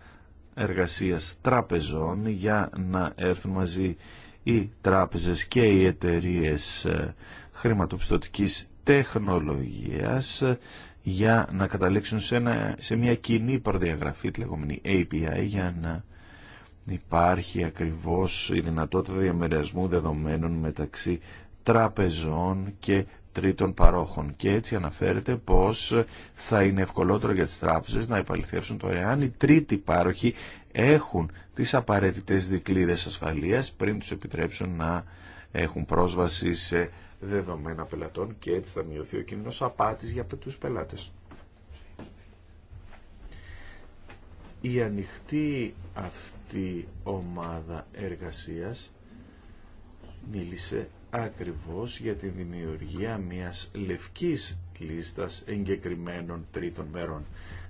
εργασίας τραπεζών για να έρθουν μαζί οι τράπεζες και οι εταιρείες ε, χρηματοπιστωτικής τεχνολογίας ε, για να καταλήξουν σε, ένα, σε μια κοινή προδιαγραφή, τη λεγόμενη API, για να υπάρχει ακριβώς η δυνατότητα διαμερισμού δεδομένων μεταξύ τραπεζών και τρίτων παρόχων. Και έτσι αναφέρεται πως θα είναι ευκολότερο για τις τράπεζες να υπαλληθεύσουν το εάν οι τρίτοι πάροχοι έχουν τις απαραίτητες δικλείδες ασφαλείας πριν τους επιτρέψουν να έχουν πρόσβαση σε δεδομένα πελατών και έτσι θα μειωθεί ο κίνδυνος απάτης για τους πελάτες. Η ανοιχτή αυτή ομάδα εργασίας μίλησε ακριβώς για τη δημιουργία μιας λευκής λίστας εγκεκριμένων τρίτων μέρων.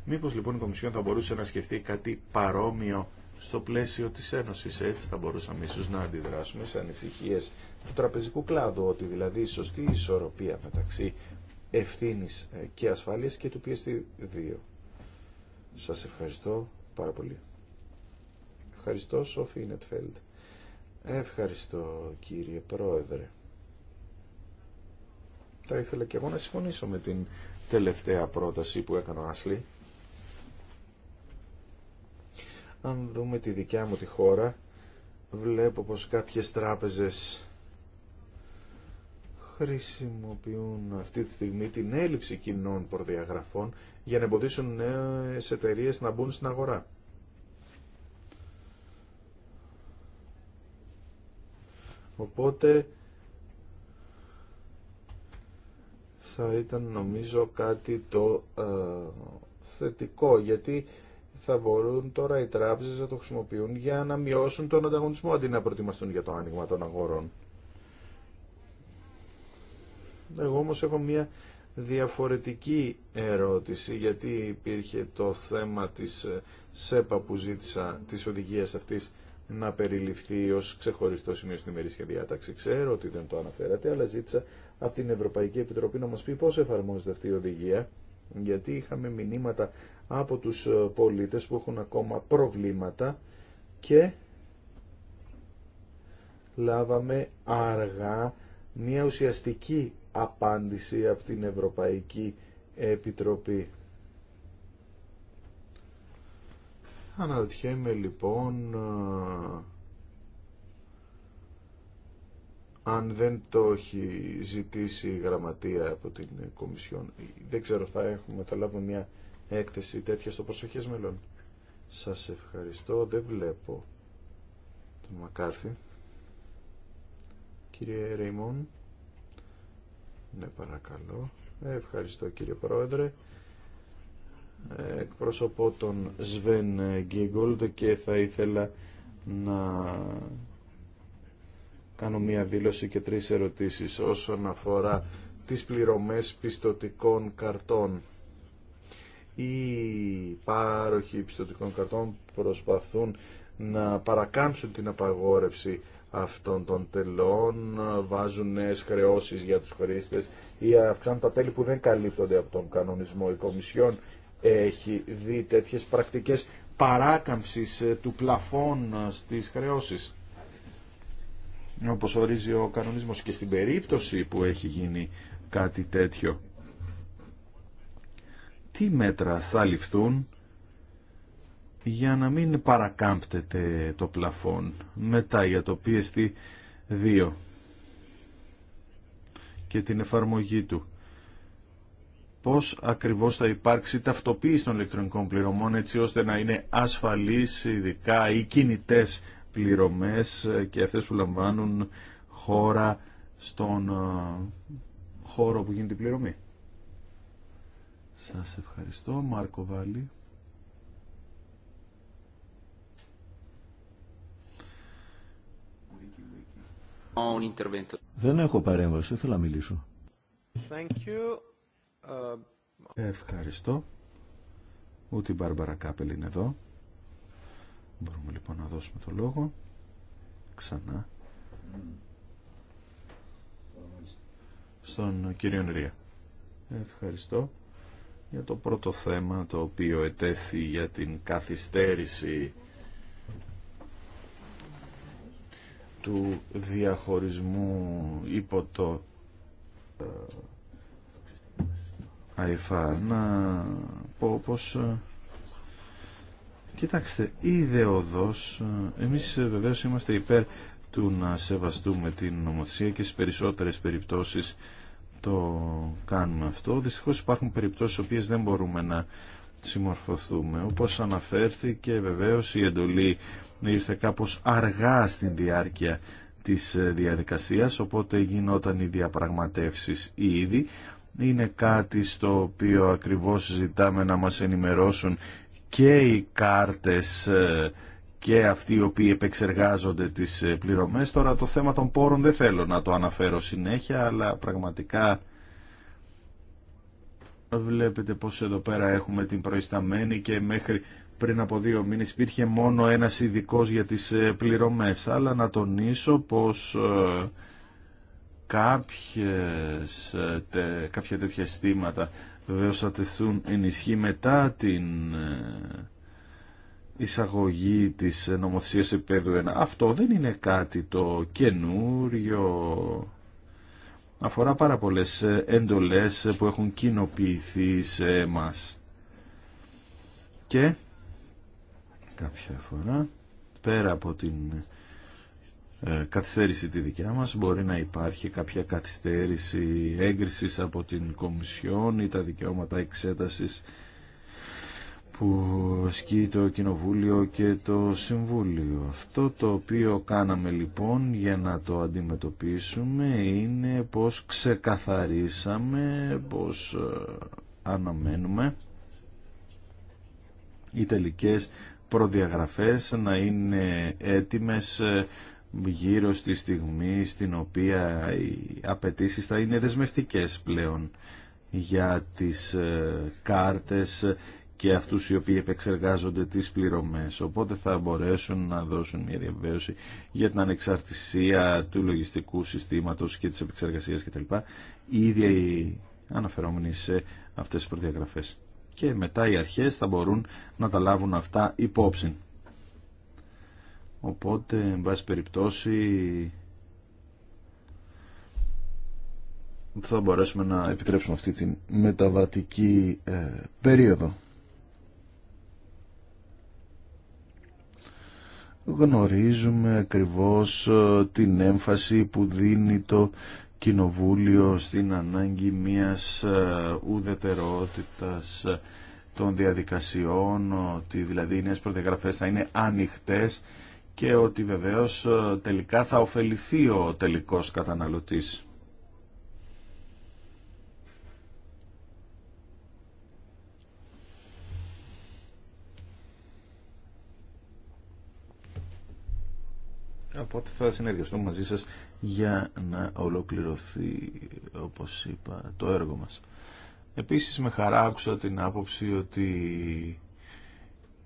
Μήπως λοιπόν η Κομισιόν θα μπορούσε να σκεφτεί κάτι παρόμοιο στο πλαίσιο της Ένωσης. Έτσι θα μπορούσαμε ίσως να αντιδράσουμε σε ανησυχίε του τραπεζικού κλάδου, ότι δηλαδή η σωστή ισορροπία μεταξύ ευθύνης ε, και ασφάλειας και του πιεστή 2 Σας ευχαριστώ πάρα πολύ. Ευχαριστώ Σόφι Νετφέλντ. Ευχαριστώ κύριε Πρόεδρε. Θα ήθελα και εγώ να συμφωνήσω με την τελευταία πρόταση που έκανε ο Άσλη. Αν δούμε τη δικιά μου τη χώρα, βλέπω πως κάποιες τράπεζες χρησιμοποιούν αυτή τη στιγμή την έλλειψη κοινών προδιαγραφών για να εμποδίσουν νέες εταιρείες να μπουν στην αγορά. Οπότε θα ήταν νομίζω κάτι το ε, θετικό γιατί θα μπορούν τώρα οι τράπεζες να το χρησιμοποιούν για να μειώσουν τον ανταγωνισμό αντί να προετοιμαστούν για το άνοιγμα των αγορών. Εγώ όμως έχω μια διαφορετική ερώτηση γιατί υπήρχε το θέμα της ε, ΣΕΠΑ που ζήτησα της οδηγίας αυτής να περιληφθεί ως ξεχωριστό σημείο στην ημερήσια διάταξη. Ξέρω ότι δεν το αναφέρατε, αλλά ζήτησα από την Ευρωπαϊκή Επιτροπή να μας πει πώς εφαρμόζεται αυτή η οδηγία, γιατί είχαμε μηνύματα από τους ε, πολίτες που έχουν ακόμα προβλήματα και λάβαμε αργά μια ουσιαστική απάντηση από την Ευρωπαϊκή Επιτροπή. Αναρωτιέμαι λοιπόν αν δεν το έχει ζητήσει η γραμματεία από την Κομισιόν. Δεν ξέρω, θα έχουμε, θα λάβουμε μια έκθεση τέτοια στο προσοχές μέλλον. Σας ευχαριστώ, δεν βλέπω τον Μακάρθη. Κύριε Ρεϊμόν, ναι παρακαλώ. Ευχαριστώ κύριε Πρόεδρε εκπροσωπώ τον Σβέν Γκίγκολντ και θα ήθελα να κάνω μία δήλωση και τρεις ερωτήσεις όσον αφορά τις πληρωμές πιστοτικών καρτών. Οι πάροχοι πιστοτικών καρτών προσπαθούν να παρακάμψουν την απαγόρευση αυτών των τελών, βάζουν νέες χρεώσεις για τους χρήστες ή αυξάνουν τα τέλη που δεν καλύπτονται από τον κανονισμό. Κομισιόν έχει δει τέτοιες πρακτικές παράκαμψης ε, του πλαφών ε, στις χρεώσεις. Όπως ορίζει ο κανονισμός και στην περίπτωση που έχει γίνει κάτι τέτοιο. Τι μέτρα θα ληφθούν για να μην παρακάμπτεται το πλαφόν μετά για το pst 2 και την εφαρμογή του πώς ακριβώς θα υπάρξει ταυτοποίηση των ηλεκτρονικών πληρωμών έτσι ώστε να είναι ασφαλείς ειδικά οι κινητές πληρωμές και αυτές που λαμβάνουν χώρα στον ε, χώρο που γίνεται η πληρωμή. Σας ευχαριστώ. Μάρκο Βάλλη. Δεν έχω παρέμβαση. Θέλω να μιλήσω. Thank you. Ευχαριστώ. Ούτε η Μπάρμπαρα Κάπελ είναι εδώ. Μπορούμε λοιπόν να δώσουμε το λόγο. Ξανά. Στον κύριο Νρία. Ευχαριστώ για το πρώτο θέμα το οποίο ετέθη για την καθυστέρηση του διαχωρισμού υπό το ε, να πω πως ε, κοιτάξτε είδε οδώς ε, εμείς ε, βεβαίως είμαστε υπέρ του να σεβαστούμε την νομοθεσία και στις περισσότερες περιπτώσεις το κάνουμε αυτό δυστυχώς υπάρχουν περιπτώσεις στις οποίες δεν μπορούμε να συμμορφωθούμε όπως αναφέρθηκε βεβαίως η εντολή ήρθε κάπως αργά στην διάρκεια της διαδικασίας, οπότε γινόταν οι διαπραγματεύσεις ήδη είναι κάτι στο οποίο ακριβώς ζητάμε να μας ενημερώσουν και οι κάρτες ε, και αυτοί οι οποίοι επεξεργάζονται τις ε, πληρωμές. Τώρα το θέμα των πόρων δεν θέλω να το αναφέρω συνέχεια, αλλά πραγματικά βλέπετε πως εδώ πέρα έχουμε την προϊσταμένη και μέχρι πριν από δύο μήνες υπήρχε μόνο ένας ειδικό για τις ε, πληρωμές. Αλλά να τονίσω πως κάποιες, τε, κάποια τέτοια στήματα βεβαίω θα τεθούν ενισχύ μετά την ε, εισαγωγή της νομοθεσίας επίπεδου 1. Αυτό δεν είναι κάτι το καινούριο. Αφορά πάρα πολλές εντολές που έχουν κοινοποιηθεί σε μας. Και κάποια φορά πέρα από την ε, καθυστέρηση τη δικιά μας μπορεί να υπάρχει κάποια καθυστέρηση έγκρισης από την Κομισιόν ή τα δικαιώματα εξέτασης που ασκεί το Κοινοβούλιο και το Συμβούλιο. Αυτό το οποίο κάναμε λοιπόν για να το αντιμετωπίσουμε είναι πως ξεκαθαρίσαμε, πως ε, αναμένουμε οι τελικές προδιαγραφές να είναι έτοιμες ε, γύρω στη στιγμή στην οποία οι απαιτήσει θα είναι δεσμευτικές πλέον για τις ε, κάρτες και αυτούς οι οποίοι επεξεργάζονται τις πληρωμές. Οπότε θα μπορέσουν να δώσουν μια διαβεβαίωση για την ανεξαρτησία του λογιστικού συστήματος και της επεξεργασίας κτλ. Ήδη αναφερόμενοι σε αυτές τις προδιαγραφές. Και μετά οι αρχές θα μπορούν να τα λάβουν αυτά υπόψη. Οπότε, εν πάση περιπτώσει, θα μπορέσουμε να επιτρέψουμε αυτή την μεταβατική ε, περίοδο. Γνωρίζουμε ακριβώς ε, την έμφαση που δίνει το Κοινοβούλιο στην ανάγκη μιας ε, ουδετερότητας των διαδικασιών, ότι δηλαδή οι νέες προδιαγραφές θα είναι ανοιχτές και ότι βεβαίως ε, τελικά θα ωφεληθεί ο τελικός καταναλωτής. Οπότε θα συνεργαστούμε μαζί σας για να ολοκληρωθεί, όπως είπα, το έργο μας. Επίσης με χαρά άκουσα την άποψη ότι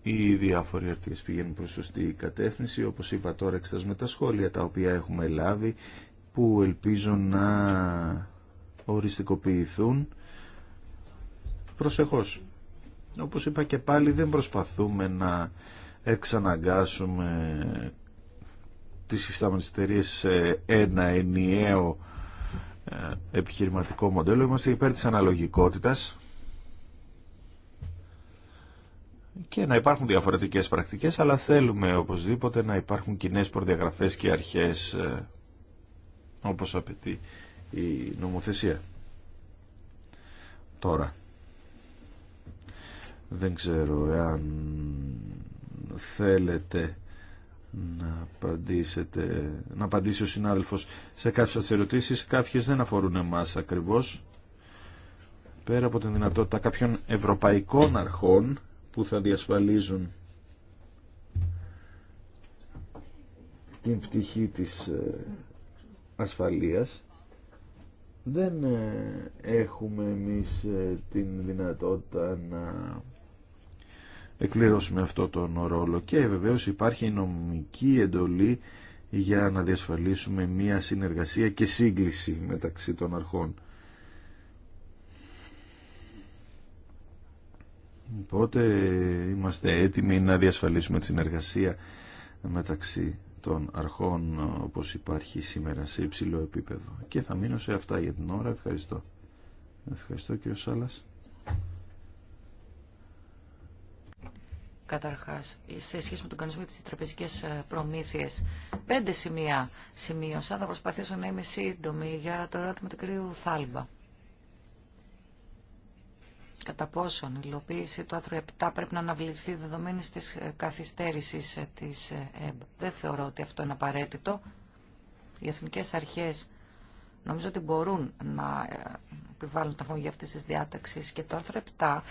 οι διάφοροι αρτίες πηγαίνουν προς σωστή κατεύθυνση. Όπως είπα τώρα εξετάζουμε τα σχόλια τα οποία έχουμε λάβει που ελπίζω να οριστικοποιηθούν προσεχώς. Όπως είπα και πάλι δεν προσπαθούμε να εξαναγκάσουμε τις υφιστάμενες εταιρείε σε ένα ενιαίο ε, επιχειρηματικό μοντέλο. Είμαστε υπέρ της αναλογικότητας και να υπάρχουν διαφορετικές πρακτικές, αλλά θέλουμε οπωσδήποτε να υπάρχουν κοινέ προδιαγραφές και αρχές ε, όπως απαιτεί η νομοθεσία. Τώρα, δεν ξέρω εάν θέλετε να απαντήσετε, να απαντήσει ο συνάδελφος σε κάποιες ερωτήσει. ερωτήσεις, κάποιες δεν αφορούν εμάς ακριβώς. Πέρα από την δυνατότητα κάποιων ευρωπαϊκών αρχών που θα διασφαλίζουν την πτυχή της ε, ασφαλείας δεν ε, έχουμε εμείς ε, την δυνατότητα να εκπληρώσουμε αυτό τον ρόλο και βεβαίως υπάρχει νομική εντολή για να διασφαλίσουμε μία συνεργασία και σύγκληση μεταξύ των αρχών. Οπότε είμαστε έτοιμοι να διασφαλίσουμε τη συνεργασία μεταξύ των αρχών όπως υπάρχει σήμερα σε υψηλό επίπεδο. Και θα μείνω σε αυτά για την ώρα. Ευχαριστώ. Ευχαριστώ κύριο Σάλλας. Καταρχάς, σε σχέση με τον κανονισμό της τραπεζικές ε, προμήθειες, πέντε σημεία σημείωσα. Θα προσπαθήσω να είμαι σύντομη για το ερώτημα του κυρίου Θάλμπα κατά πόσον η υλοποίηση του άρθρου 7 πρέπει να αναβληθεί δεδομένης της ε, καθυστέρησης ε, της ε, ΕΜΠ. Δεν θεωρώ ότι αυτό είναι απαραίτητο. Οι εθνικές αρχές νομίζω ότι μπορούν να επιβάλλουν τα φόγια αυτής της διάταξης και το άρθρο 7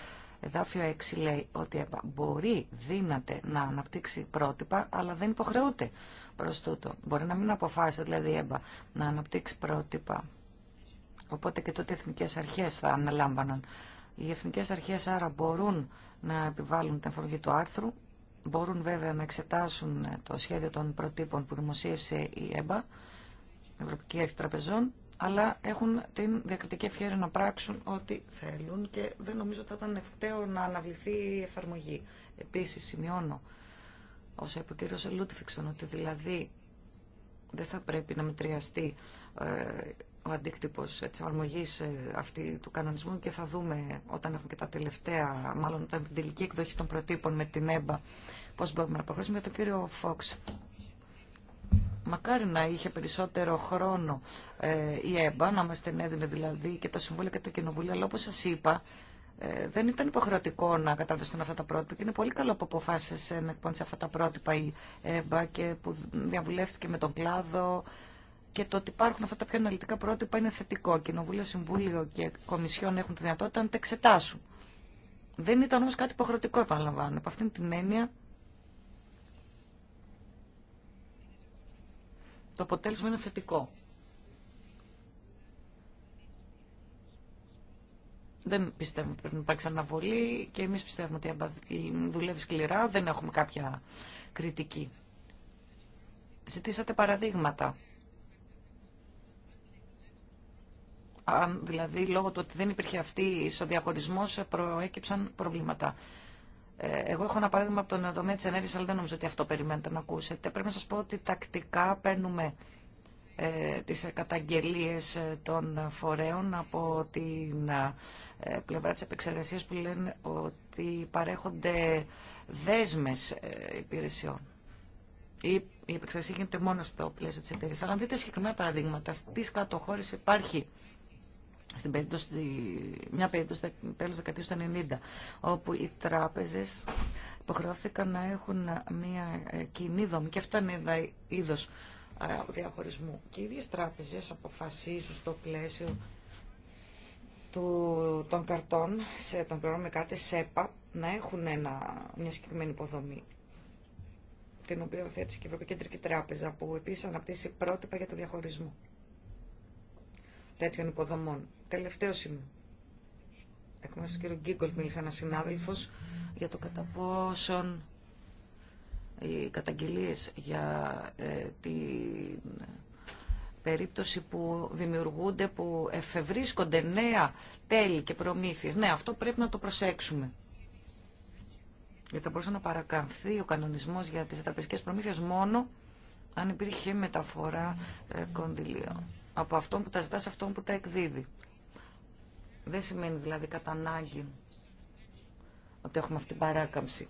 Εδάφιο 6 λέει ότι μπορεί, δύναται να αναπτύξει πρότυπα, αλλά δεν υποχρεούται προς τούτο. Μπορεί να μην αποφάσισε δηλαδή η ΕΜΠΑ να αναπτύξει πρότυπα. Οπότε και τότε οι εθνικές αρχές θα αναλάμβαναν οι εθνικές αρχές άρα μπορούν να επιβάλλουν την εφαρμογή του άρθρου, μπορούν βέβαια να εξετάσουν ε, το σχέδιο των προτύπων που δημοσίευσε η ΕΜΠΑ, Ευρωπαϊκή Αρχή Τραπεζών, αλλά έχουν την διακριτική ευχαίρεια να πράξουν ό,τι θέλουν και δεν νομίζω ότι θα ήταν ευκταίο να αναβληθεί η εφαρμογή. Επίσης, σημειώνω, όσο είπε ο κύριος ότι δηλαδή δεν θα πρέπει να μετριαστεί ε, ο αντίκτυπο ε, τη εφαρμογή ε, αυτή του κανονισμού και θα δούμε όταν έχουμε και τα τελευταία, μάλλον την τελική εκδοχή των προτύπων με την ΕΜΠΑ, πώ μπορούμε να προχωρήσουμε. Για τον κύριο Φόξ, μακάρι να είχε περισσότερο χρόνο ε, η ΕΜΠΑ, να μα την έδινε δηλαδή και το Συμβούλιο και το Κοινοβούλιο, αλλά όπω σα είπα, δεν ήταν υποχρεωτικό να καταρτιστούν αυτά τα πρότυπα και είναι πολύ καλό που αποφάσισε να εκπώνησε αυτά τα πρότυπα η ΕΜΠΑ και που διαβουλεύτηκε με τον κλάδο, και το ότι υπάρχουν αυτά τα πιο αναλυτικά πρότυπα είναι θετικό. Κοινοβούλιο, Συμβούλιο και Κομισιόν έχουν τη δυνατότητα να τα εξετάσουν. Δεν ήταν όμω κάτι υποχρεωτικό, επαναλαμβάνω. Από αυτήν την έννοια, το αποτέλεσμα είναι θετικό. Δεν πιστεύουμε ότι πρέπει να υπάρξει αναβολή και εμείς πιστεύουμε ότι δουλεύει σκληρά, δεν έχουμε κάποια κριτική. Ζητήσατε παραδείγματα αν δηλαδή λόγω του ότι δεν υπήρχε αυτή ο διαχωρισμό ε, προέκυψαν προβλήματα. Ε, εγώ έχω ένα παράδειγμα από τον τομέα τη ενέργεια, αλλά δεν νομίζω ότι αυτό περιμένετε να ακούσετε. Πρέπει να σα πω ότι τακτικά παίρνουμε ε, τις καταγγελίες ε, των φορέων από την πλευρά τη επεξεργασία που λένε ότι παρέχονται δέσμες υπηρεσιών. Η, η επεξεργασία γίνεται μόνο στο πλαίσιο τη εταιρεία, Αλλά αν δείτε συγκεκριμένα παραδείγματα, Στι κατοχώρε υπάρχει στην περίπτωση, μια περίπτωση τέλος δεκαετίας του 1990 όπου οι τράπεζες υποχρεώθηκαν να έχουν μια ε, κοινή δομή και αυτό είναι ένα είδος ε, διαχωρισμού. Και οι ίδιες τράπεζες αποφασίζουν στο πλαίσιο του, των καρτών, σε, των πληρώνουμε κάτι ΣΕΠΑ, να έχουν ένα, μια συγκεκριμένη υποδομή την οποία θέτει και η Ευρωπαϊκή Κεντρική Τράπεζα, που επίσης αναπτύσσει πρότυπα για το διαχωρισμό τέτοιων υποδομών. Τελευταίο σημείο. Εκ μέρους του κύριου Γκίγκολτ μίλησε ένα συνάδελφος για το κατά πόσον οι καταγγελίες για ε, την περίπτωση που δημιουργούνται, που εφευρίσκονται νέα τέλη και προμήθειες. Ναι, αυτό πρέπει να το προσέξουμε. Γιατί θα μπορούσε να παρακαμφθεί ο κανονισμός για τις τραπεζικές προμήθειες μόνο αν υπήρχε μεταφορά ε, κονδυλίων. Από αυτόν που τα ζητά σε αυτόν που τα εκδίδει. Δεν σημαίνει δηλαδή κατά ανάγκη ότι έχουμε αυτή την παράκαμψη.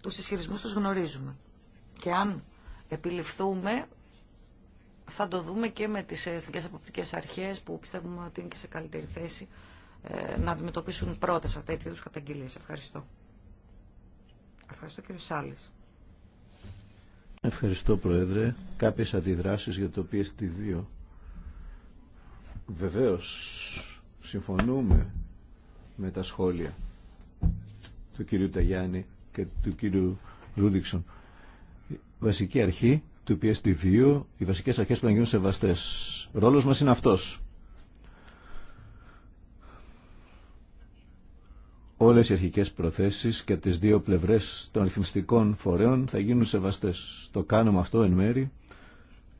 Τους ισχυρισμούς τους γνωρίζουμε. Και αν επιληφθούμε, θα το δούμε και με τις εθνικές αποπτικές αρχές που πιστεύουμε ότι είναι και σε καλύτερη θέση ε, να αντιμετωπίσουν πρώτα σε αυτά τα καταγγελίες. Ευχαριστώ. Ευχαριστώ κύριε Σάλης. Ευχαριστώ Πρόεδρε. Κάποιες αντιδράσεις για το στη δύο Βεβαίως συμφωνούμε με τα σχόλια του κυρίου Ταγιάννη και του κυρίου Ρούντιξον. βασική αρχή του PSD2, οι βασικές αρχές που να γίνουν σεβαστές. Ρόλος μας είναι αυτός. Όλες οι αρχικές προθέσεις και τις δύο πλευρές των αριθμιστικών φορέων θα γίνουν σεβαστές. Το κάνουμε αυτό εν μέρη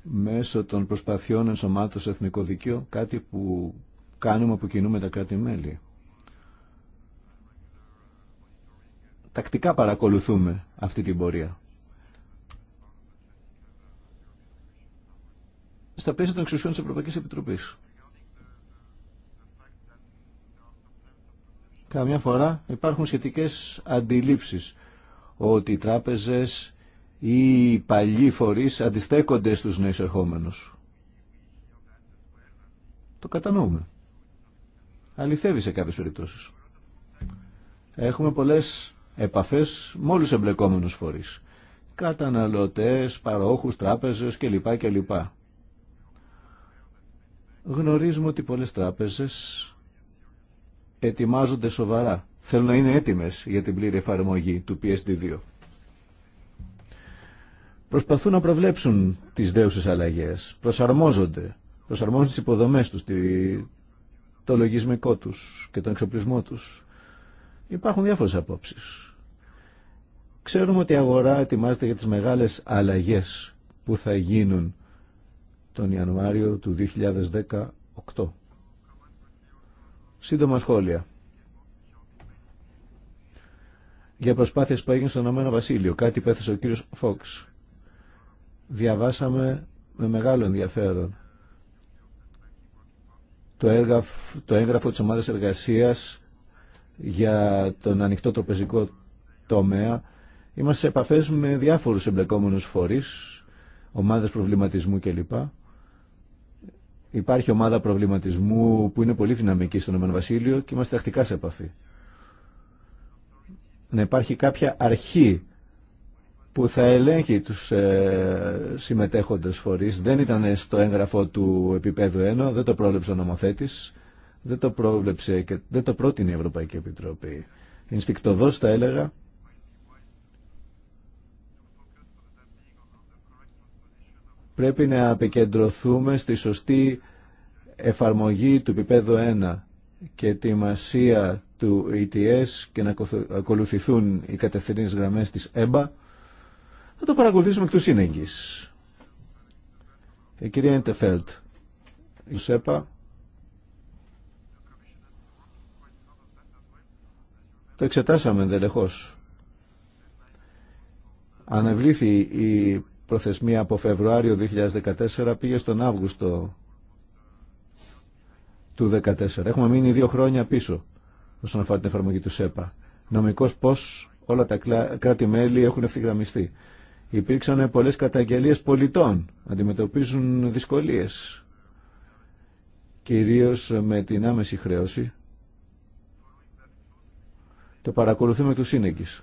μέσω των προσπαθειών ενσωμάτωσης εθνικό δικαίου, κάτι που κάνουμε που κινούμε τα κράτη-μέλη. Τακτικά παρακολουθούμε αυτή την πορεία. Στα πλαίσια των εξουσιών της Ευρωπαϊκής Επιτροπής. Καμιά φορά υπάρχουν σχετικές αντιλήψεις ότι οι τράπεζες ή οι παλιοί φορείς αντιστέκονται στους νέους ερχόμενους. Το κατανοούμε. Αληθεύει σε κάποιες περιπτώσεις. Έχουμε πολλές επαφές με όλους εμπλεκόμενους φορείς. Καταναλωτές, παρόχους, τράπεζες κλπ. κλπ. Γνωρίζουμε ότι πολλές τράπεζες ετοιμάζονται σοβαρά. Θέλουν να είναι έτοιμες για την πλήρη εφαρμογή του PSD2 προσπαθούν να προβλέψουν τις δέουσες αλλαγές, προσαρμόζονται, προσαρμόζουν τις υποδομές τους, το λογισμικό τους και τον εξοπλισμό τους. Υπάρχουν διάφορες απόψεις. Ξέρουμε ότι η αγορά ετοιμάζεται για τις μεγάλες αλλαγές που θα γίνουν τον Ιανουάριο του 2018. Σύντομα σχόλια. Για προσπάθειες που έγινε στον Ηνωμένο Βασίλειο, κάτι που ο κύριος Φόξ διαβάσαμε με μεγάλο ενδιαφέρον το, έργα, το έγγραφο της ομάδας εργασίας για τον ανοιχτό τροπεζικό τομέα. Είμαστε σε επαφές με διάφορους εμπλεκόμενους φορείς, ομάδες προβληματισμού κλπ. Υπάρχει ομάδα προβληματισμού που είναι πολύ δυναμική στον Ηνωμένο Βασίλειο και είμαστε τακτικά σε επαφή. Να υπάρχει κάποια αρχή που θα ελέγχει τους ε, συμμετέχοντες φορείς. Δεν ήταν στο έγγραφο του επίπεδου 1, δεν το πρόβλεψε ο νομοθέτης, δεν το, πρόβλεψε και, δεν το πρότεινε η Ευρωπαϊκή Επιτροπή. Ινστικτοδός θα έλεγα πρέπει να επικεντρωθούμε στη σωστή εφαρμογή του επίπεδου 1 και τη μασία του ETS και να ακολουθηθούν οι κατευθυντικές γραμμές της ΕΜΠΑ θα το παρακολουθήσουμε εκ του σύνεγγυς. Η ε, κυρία Εντεφέλτ, η ΣΕΠΑ, το εξετάσαμε ενδελεχώς. Αναβλήθη η προθεσμία από Φεβρουάριο 2014, πήγε στον Αύγουστο του 2014. Έχουμε μείνει δύο χρόνια πίσω όσον αφορά την εφαρμογή του ΣΕΠΑ. Νομικώς πώς όλα τα κράτη-μέλη έχουν ευθυγραμμιστεί. Υπήρξαν πολλές καταγγελίες πολιτών, αντιμετωπίζουν δυσκολίες, κυρίως με την άμεση χρέωση. Το παρακολουθούμε του σύνεγγις.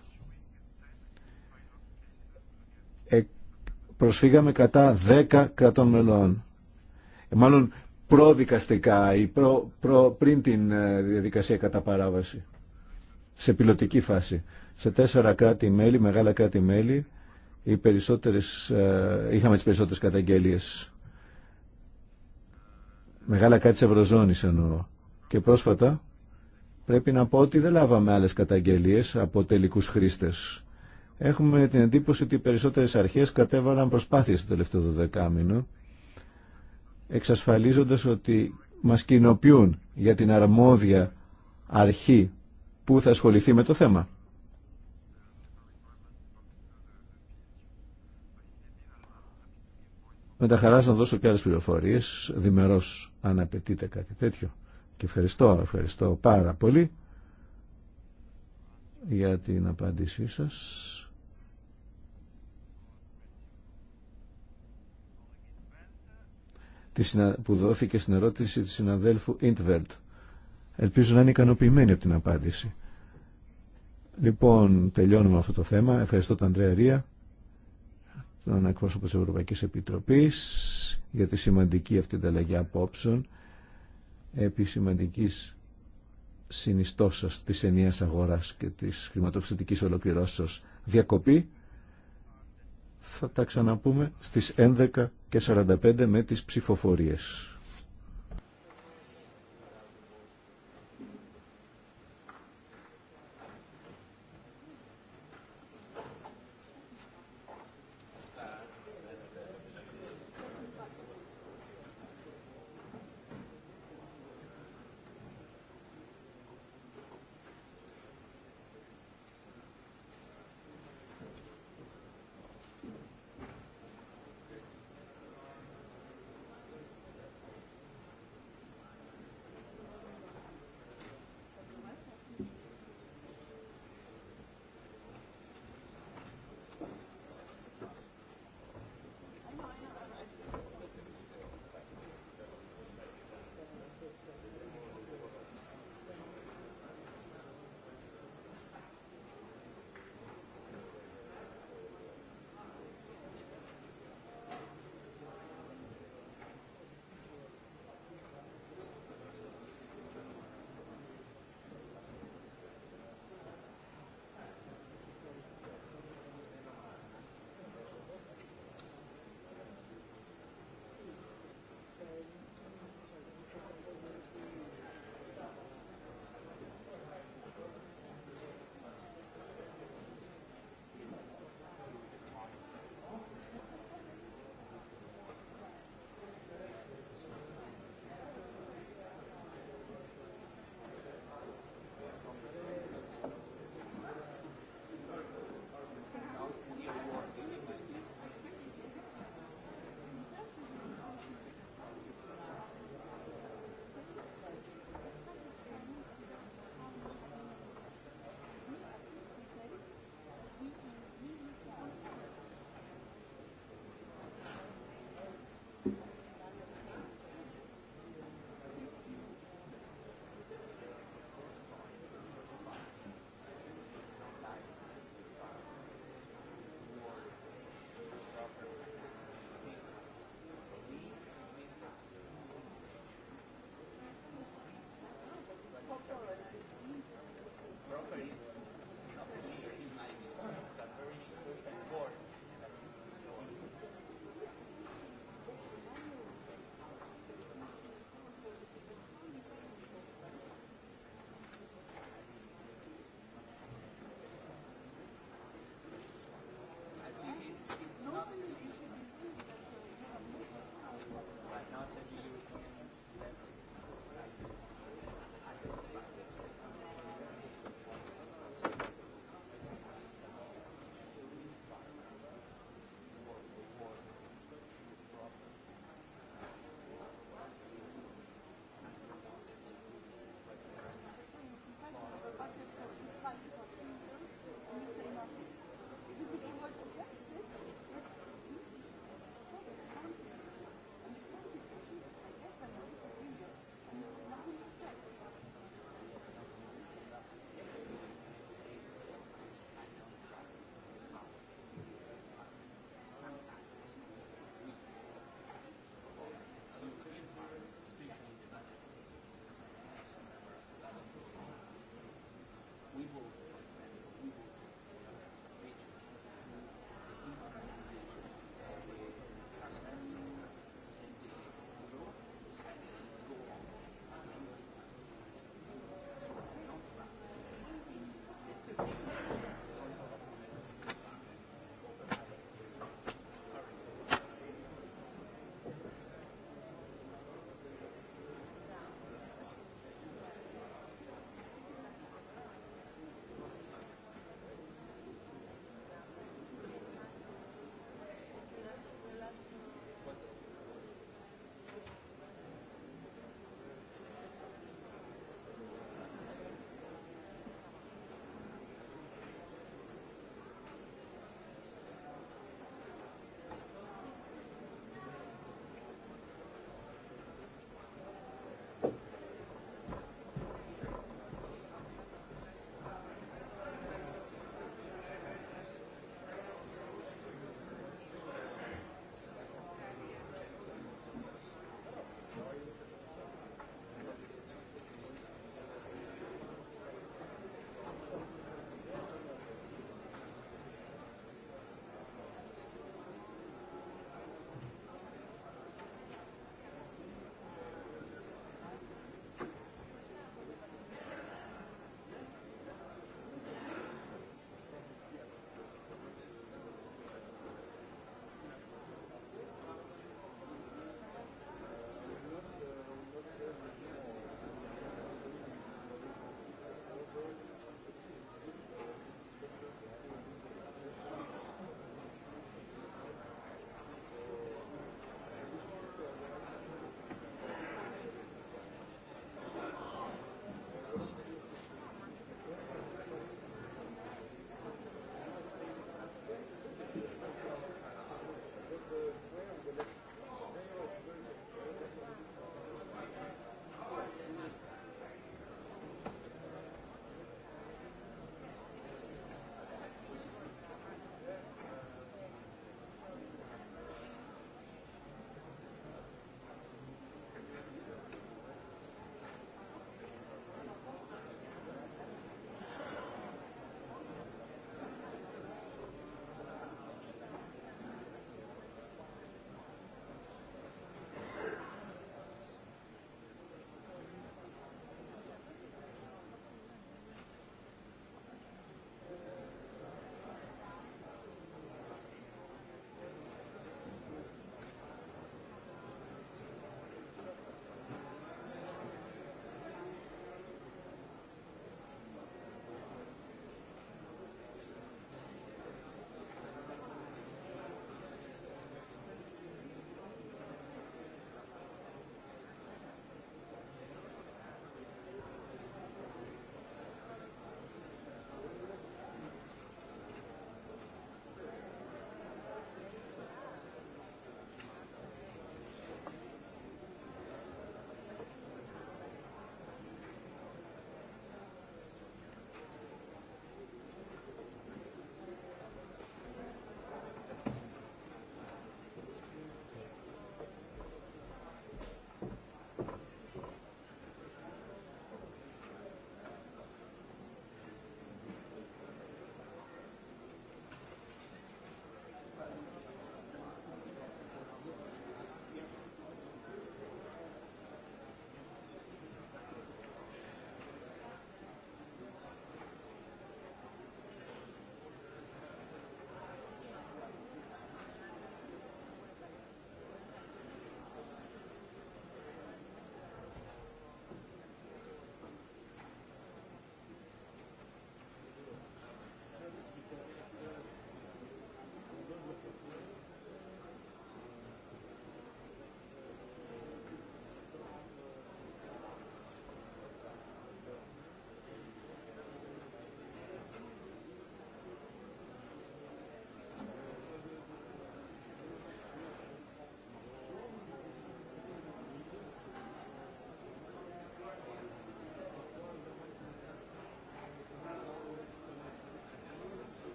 Ε, προσφύγαμε κατά 10 κρατών μελών. Ε, μάλλον προδικαστικά ή προ, πριν την ε, διαδικασία κατά παράβαση. Σε πιλωτική φάση. Σε τέσσερα κράτη-μέλη, μεγάλα κράτη-μέλη, οι περισσότερες, ε, είχαμε τις περισσότερες καταγγελίες. Μεγάλα κάτι της Ευρωζώνης εννοώ. Και πρόσφατα πρέπει να πω ότι δεν λάβαμε άλλες καταγγελίες από τελικούς χρήστες. Έχουμε την εντύπωση ότι οι περισσότερες αρχές κατέβαλαν προσπάθειες το τελευταίο δεκάμινο, εξασφαλίζοντας ότι μας κοινοποιούν για την αρμόδια αρχή που θα ασχοληθεί με το θέμα. Με τα χαρά να δώσω και άλλε πληροφορίε. Δημερό αν απαιτείται κάτι τέτοιο. Και ευχαριστώ, ευχαριστώ πάρα πολύ για την απάντησή σας. που δόθηκε στην ερώτηση της συναδέλφου Ιντβελτ. Ελπίζω να είναι ικανοποιημένη από την απάντηση. Λοιπόν, τελειώνουμε αυτό το θέμα. Ευχαριστώ τον Αντρέα Ρία τον εκπρόσωπο της Ευρωπαϊκής Επιτροπής για τη σημαντική αυτή ανταλλαγή απόψεων επί σημαντικής συνιστώσας της ενίας αγοράς και της χρηματοπιστωτικής ολοκληρώσεως διακοπή θα τα ξαναπούμε στις 11 και 45 με τις ψηφοφορίες.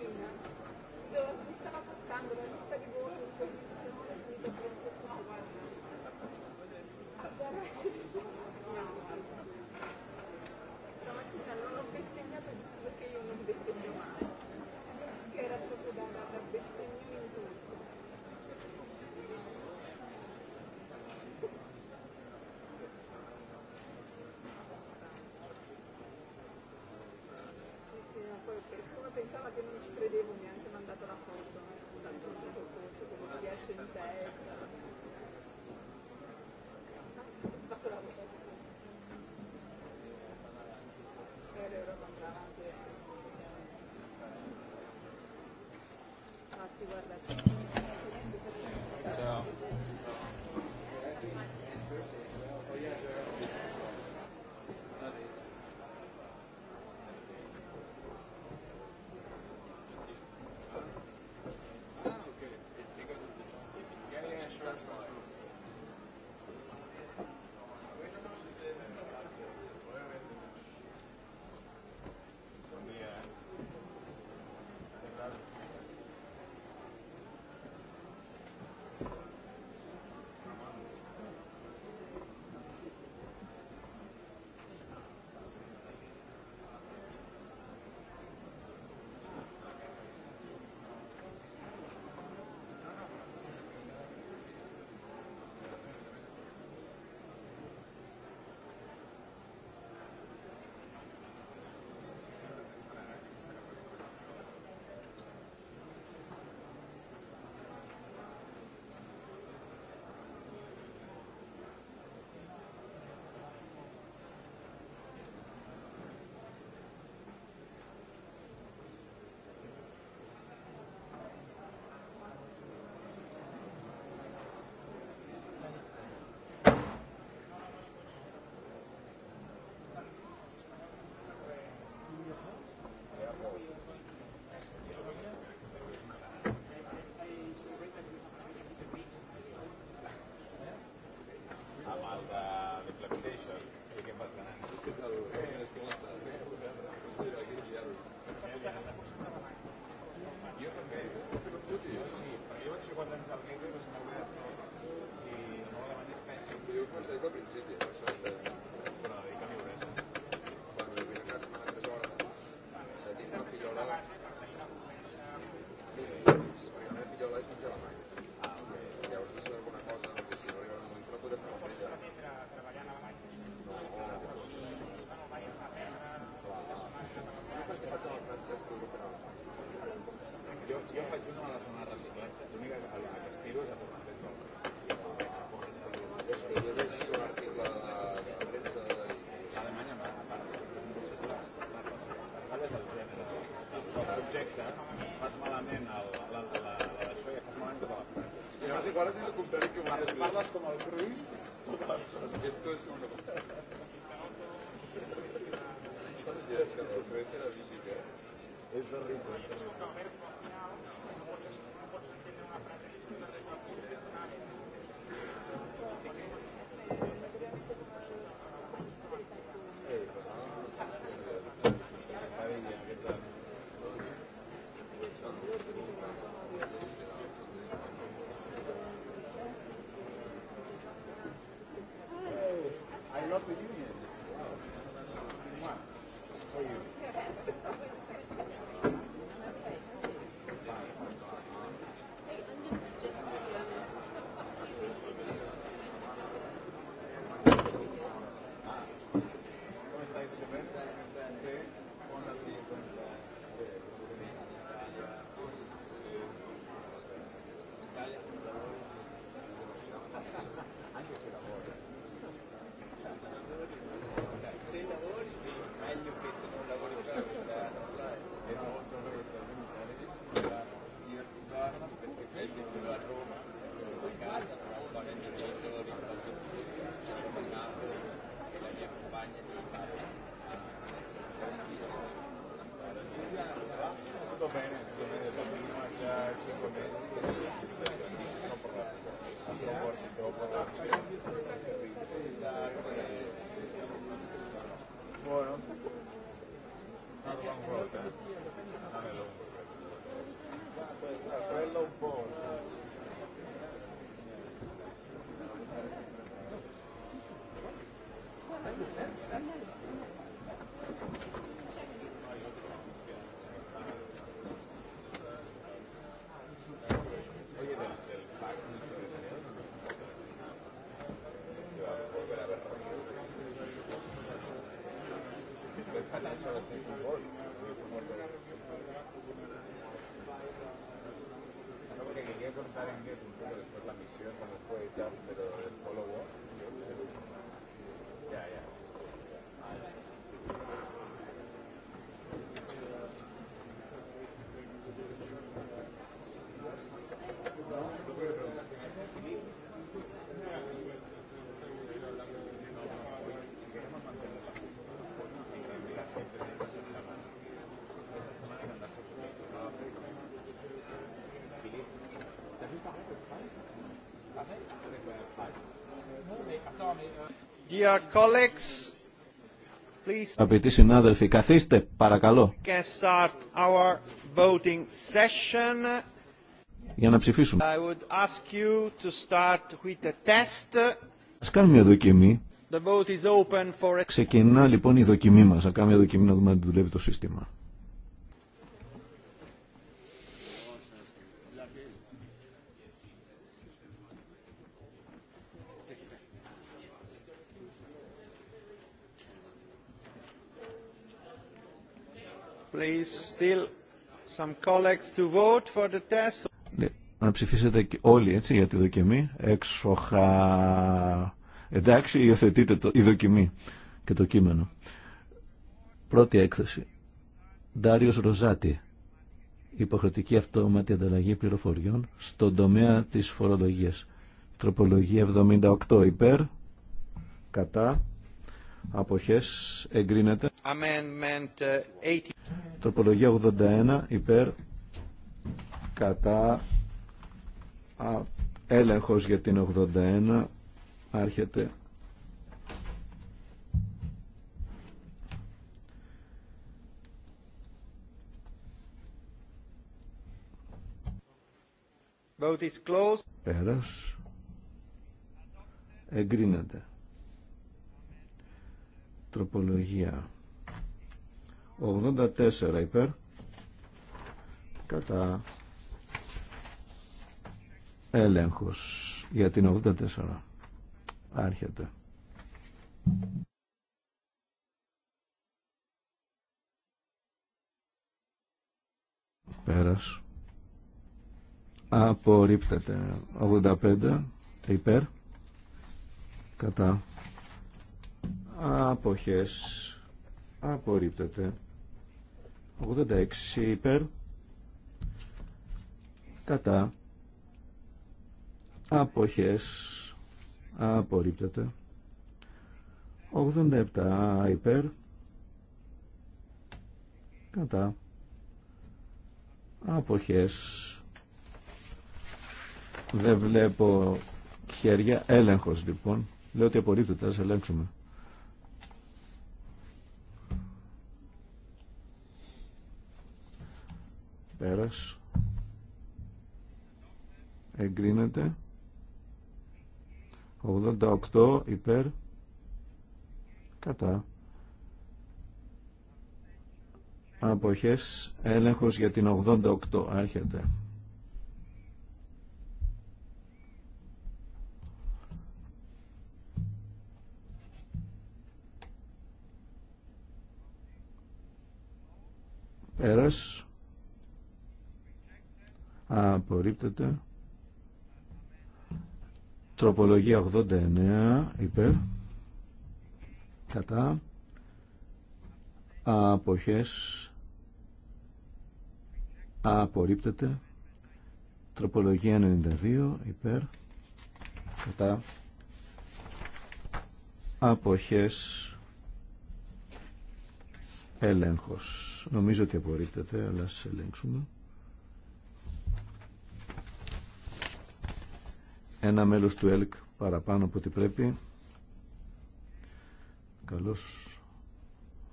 Thank you. es lo principio. Pero este la Es rico. Gracias. Αγαπητοί συνάδελφοι, καθίστε παρακαλώ. Για να ψηφίσουμε. Α κάνουμε μια δοκιμή. Ξεκινά λοιπόν η δοκιμή μας. Να κάνουμε μια δοκιμή να δούμε αν δουλεύει το σύστημα. Να ψηφίσετε όλοι έτσι για τη δοκιμή. Έξοχα. Εντάξει, υιοθετείτε το, η δοκιμή και το κείμενο. Πρώτη έκθεση. Ντάριος Ροζάτη. Υποχρεωτική αυτόματη ανταλλαγή πληροφοριών στον τομέα της φορολογίας. Τροπολογία 78 υπέρ. Κατά. Αποχές εγκρίνεται. Ε, Τροπολογία 81 υπέρ κατά α, έλεγχος για την 81 άρχεται Πέρας. Εγκρίνεται. Τροπολογία 84 υπέρ κατά έλεγχος για την 84 άρχεται πέρας απορρίπτεται 85 υπέρ κατά αποχές απορρίπτεται 86 υπέρ κατά αποχές απορρίπτεται 87 υπέρ κατά αποχές δεν βλέπω χέρια έλεγχος λοιπόν λέω ότι απορρίπτεται ας ελέγξουμε Πέρας. Εγκρίνεται. 88 υπέρ. Κατά. Αποχές. Έλεγχος για την 88. Άρχεται. Πέρας απορρίπτεται τροπολογία 89 υπέρ κατά αποχές απορρίπτεται τροπολογία 92 υπέρ κατά αποχές έλεγχος νομίζω ότι απορρίπτεται αλλά σε ελέγξουμε ένα μέλος του ΕΛΚ παραπάνω από ό,τι πρέπει. Καλώς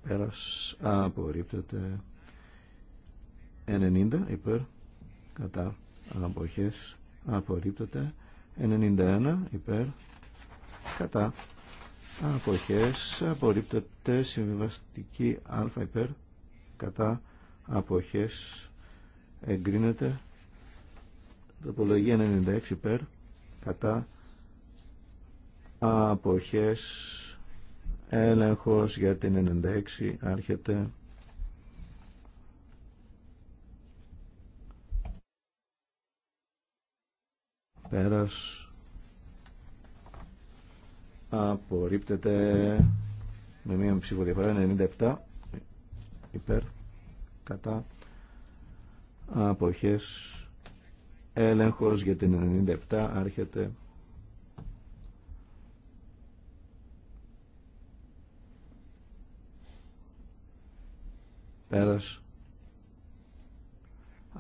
πέρας. απορρίπτεται. 90 υπέρ. Κατά αποχές. Απορρίπτεται. 91 υπέρ. Κατά αποχές. Απορρίπτεται. Συμβιβαστική α υπέρ. Κατά αποχές. Εγκρίνεται. Τοπολογία 96 υπέρ κατά αποχές έλεγχος για την 96 άρχεται πέρας απορρίπτεται με μία ψηφοδιαφορά 97 υπέρ κατά αποχές Έλεγχος για την 97 άρχεται. Πέρας.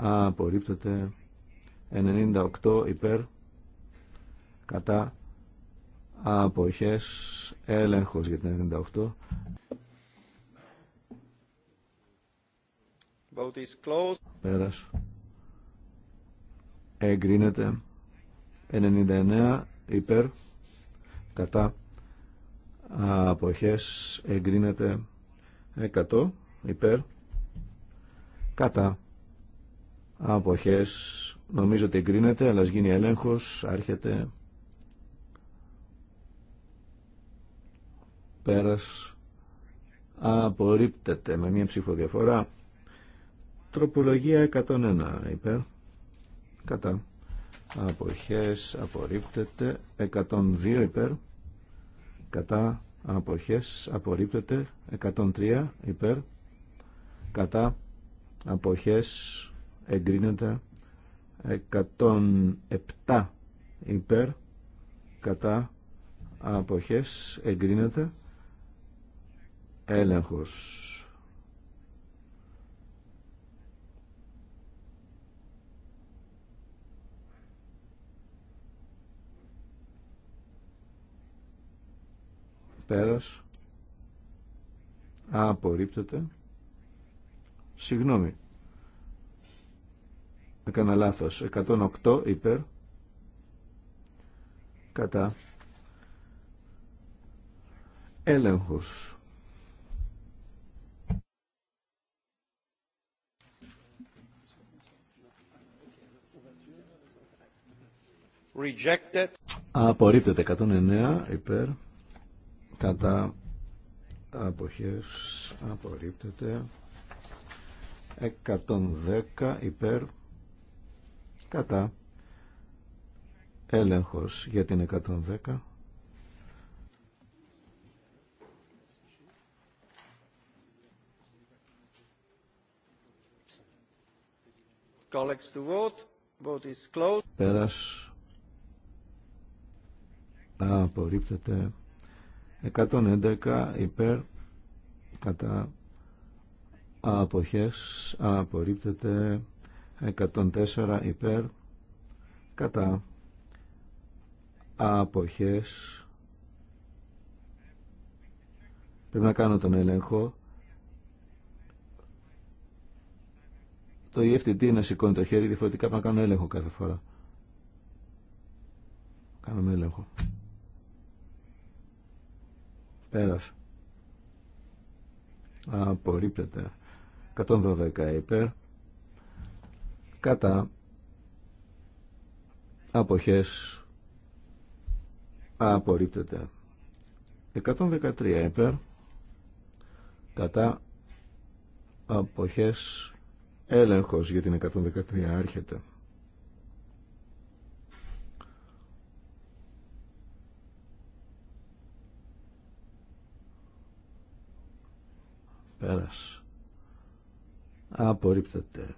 Α, απορρίπτεται. 98 υπέρ. Κατά. Αποχές. Έλεγχος για την 98. Πέρας εγκρίνεται 99 υπέρ κατά αποχές εγκρίνεται 100 υπέρ κατά αποχές νομίζω ότι εγκρίνεται αλλά γίνει έλεγχος άρχεται πέρας απορρίπτεται με μια ψηφοδιαφορά τροπολογία 101 υπέρ κατά αποχές απορρίπτεται 102 υπέρ κατά αποχές απορρίπτεται 103 υπέρ κατά αποχές εγκρίνεται 107 υπέρ κατά αποχές εγκρίνεται έλεγχος πέρας Α, απορρίπτεται συγγνώμη έκανα λάθος 108 υπέρ κατά έλεγχος Rejected. Απορρίπτεται 109 υπέρ κατά αποχές απορρίπτεται 110 υπέρ κατά έλεγχος για την 110 Πέρας. Απορρίπτεται. 111 υπέρ κατά αποχές απορρίπτεται 104 υπέρ κατά αποχές πρέπει να κάνω τον έλεγχο το EFTD να σηκώνει το χέρι διαφορετικά πρέπει να κάνω έλεγχο κάθε φορά κάνουμε έλεγχο Πέρας. Απορρίπτεται. 112 υπέρ. Κατά. Αποχές. Απορρίπτεται. 113 υπέρ. Κατά. Αποχές. Έλεγχος για την 113 άρχεται. πέρας απορρίπτεται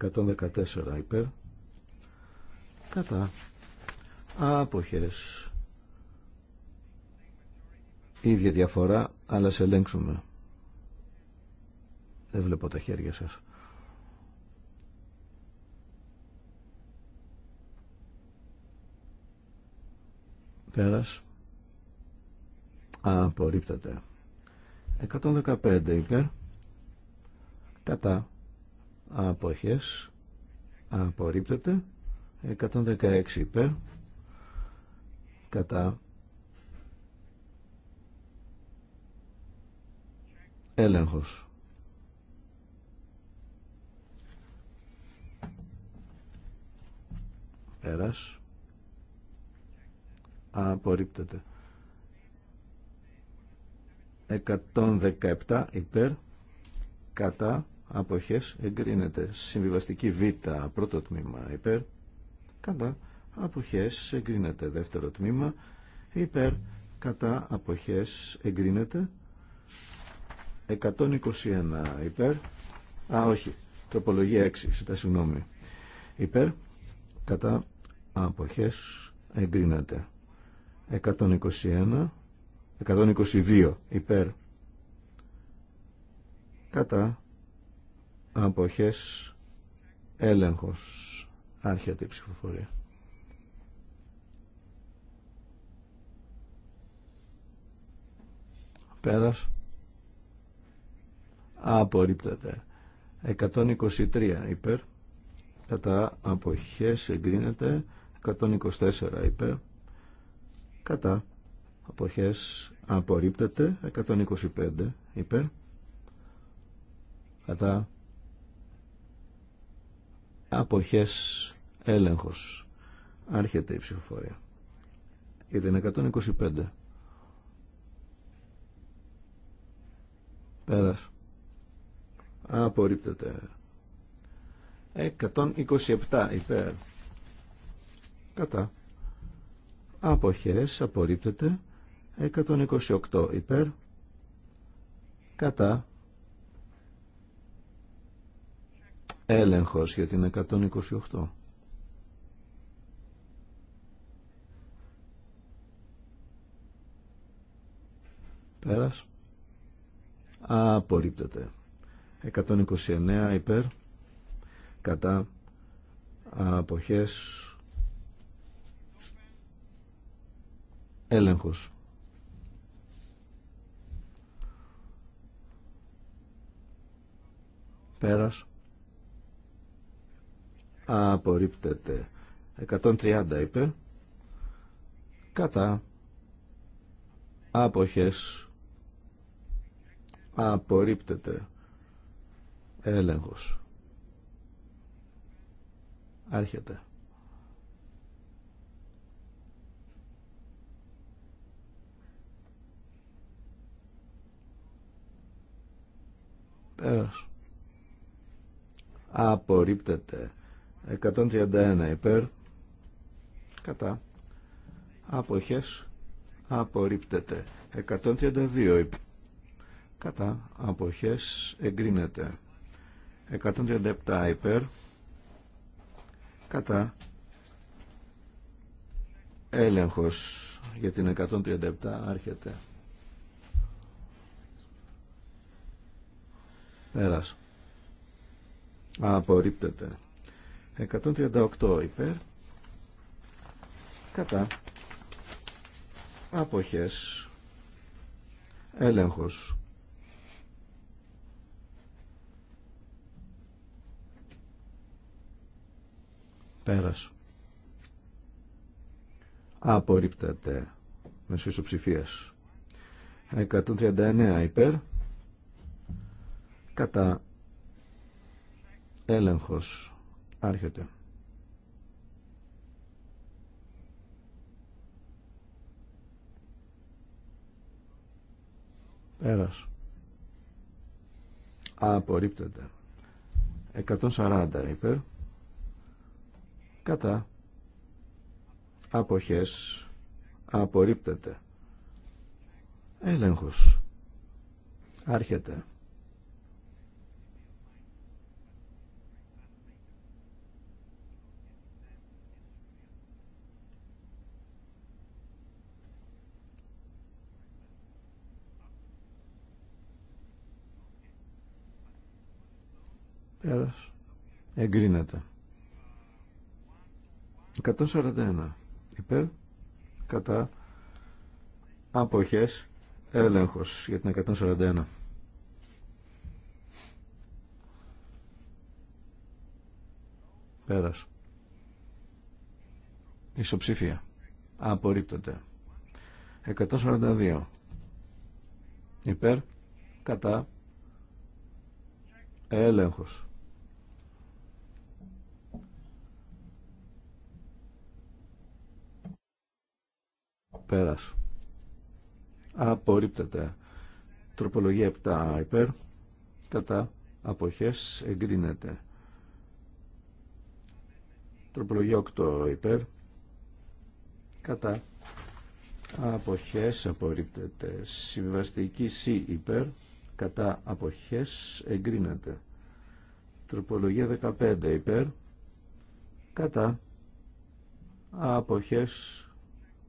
114 υπέρ κατά άποχες ίδια διαφορά αλλά σε ελέγξουμε δεν βλέπω τα χέρια σας πέρας απορρίπτεται 115 υπέρ κατά αποχές απορρίπτεται 116 υπέρ κατά έλεγχος πέρας απορρίπτεται 117 υπέρ κατά αποχές εγκρίνεται. Συμβιβαστική Β πρώτο τμήμα υπέρ κατά αποχές εγκρίνεται. Δεύτερο τμήμα υπέρ κατά αποχές εγκρίνεται. 121 υπέρ α όχι τροπολογία 6 τα συγγνώμη υπέρ κατά αποχές εγκρίνεται. 121 122 υπέρ κατά αποχές έλεγχος άρχεται ψηφοφορία πέρας απορρίπτεται 123 υπέρ κατά αποχές εγκρίνεται 124 υπέρ κατά αποχές απορρίπτεται 125 υπέρ κατά αποχές έλεγχος άρχεται η ψηφοφορία για την 125 πέρας απορρίπτεται 127 υπέρ κατά αποχές απορρίπτεται 128 υπέρ κατά έλεγχος για την 128. Πέρας. Απορρίπτεται. 129 υπέρ κατά αποχές έλεγχος. πέρας απορρίπτεται 130 είπε. κατά άποχες απορρίπτεται έλεγχος άρχεται πέρας απορρίπτεται 131 υπέρ κατά αποχές απορρίπτεται 132 υπέρ κατά αποχές εγκρίνεται 137 υπέρ κατά έλεγχος για την 137 άρχεται Πέρασε. Απορρίπτεται. 138 υπέρ. Κατά. Αποχές. Έλεγχος. Πέρας. Απορρίπτεται. Μέσω ισοψηφίας. 139 υπέρ. Κατά έλεγχος άρχεται. Πέρας. Απορρίπτεται. 140 υπέρ. Κατά. Αποχές. Απορρίπτεται. Έλεγχος. Άρχεται. εγκρίνεται 141 υπέρ κατά αποχές έλεγχος για την 141 πέρας ισοψηφία απορρίπτονται 142 υπέρ κατά έλεγχος Πέρας. Απορρίπτεται. Τροπολογία 7 υπέρ. Κατά αποχές εγκρίνεται. Τροπολογία 8 υπέρ. Κατά αποχές απορρίπτεται. Συμβαστική C υπέρ. Κατά αποχές εγκρίνεται. Τροπολογία 15 υπέρ. Κατά αποχές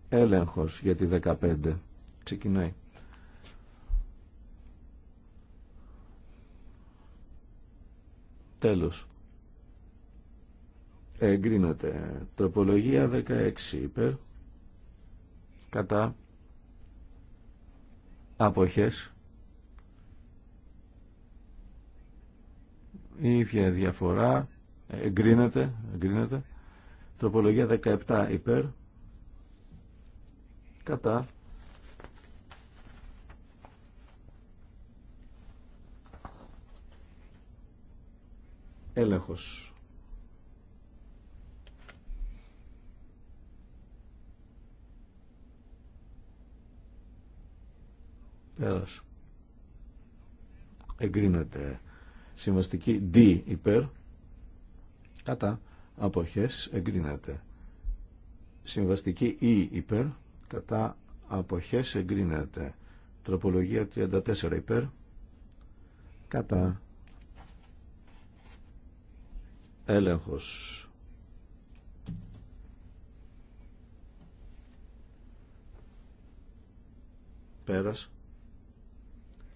έλεγχος για τη 15. Ξεκινάει. Τέλος. Εγκρίνεται. Τροπολογία 16 υπέρ. Κατά. Αποχές. Η διαφορά. Εγκρίνεται. Εγκρίνεται. Τροπολογία 17 υπέρ κατά έλεγχος. Πέρας. Εγκρίνεται συμβαστική D υπέρ κατά αποχές εγκρίνεται συμβαστική E υπέρ κατά αποχές εγκρίνεται τροπολογία 34 υπέρ κατά έλεγχος πέρας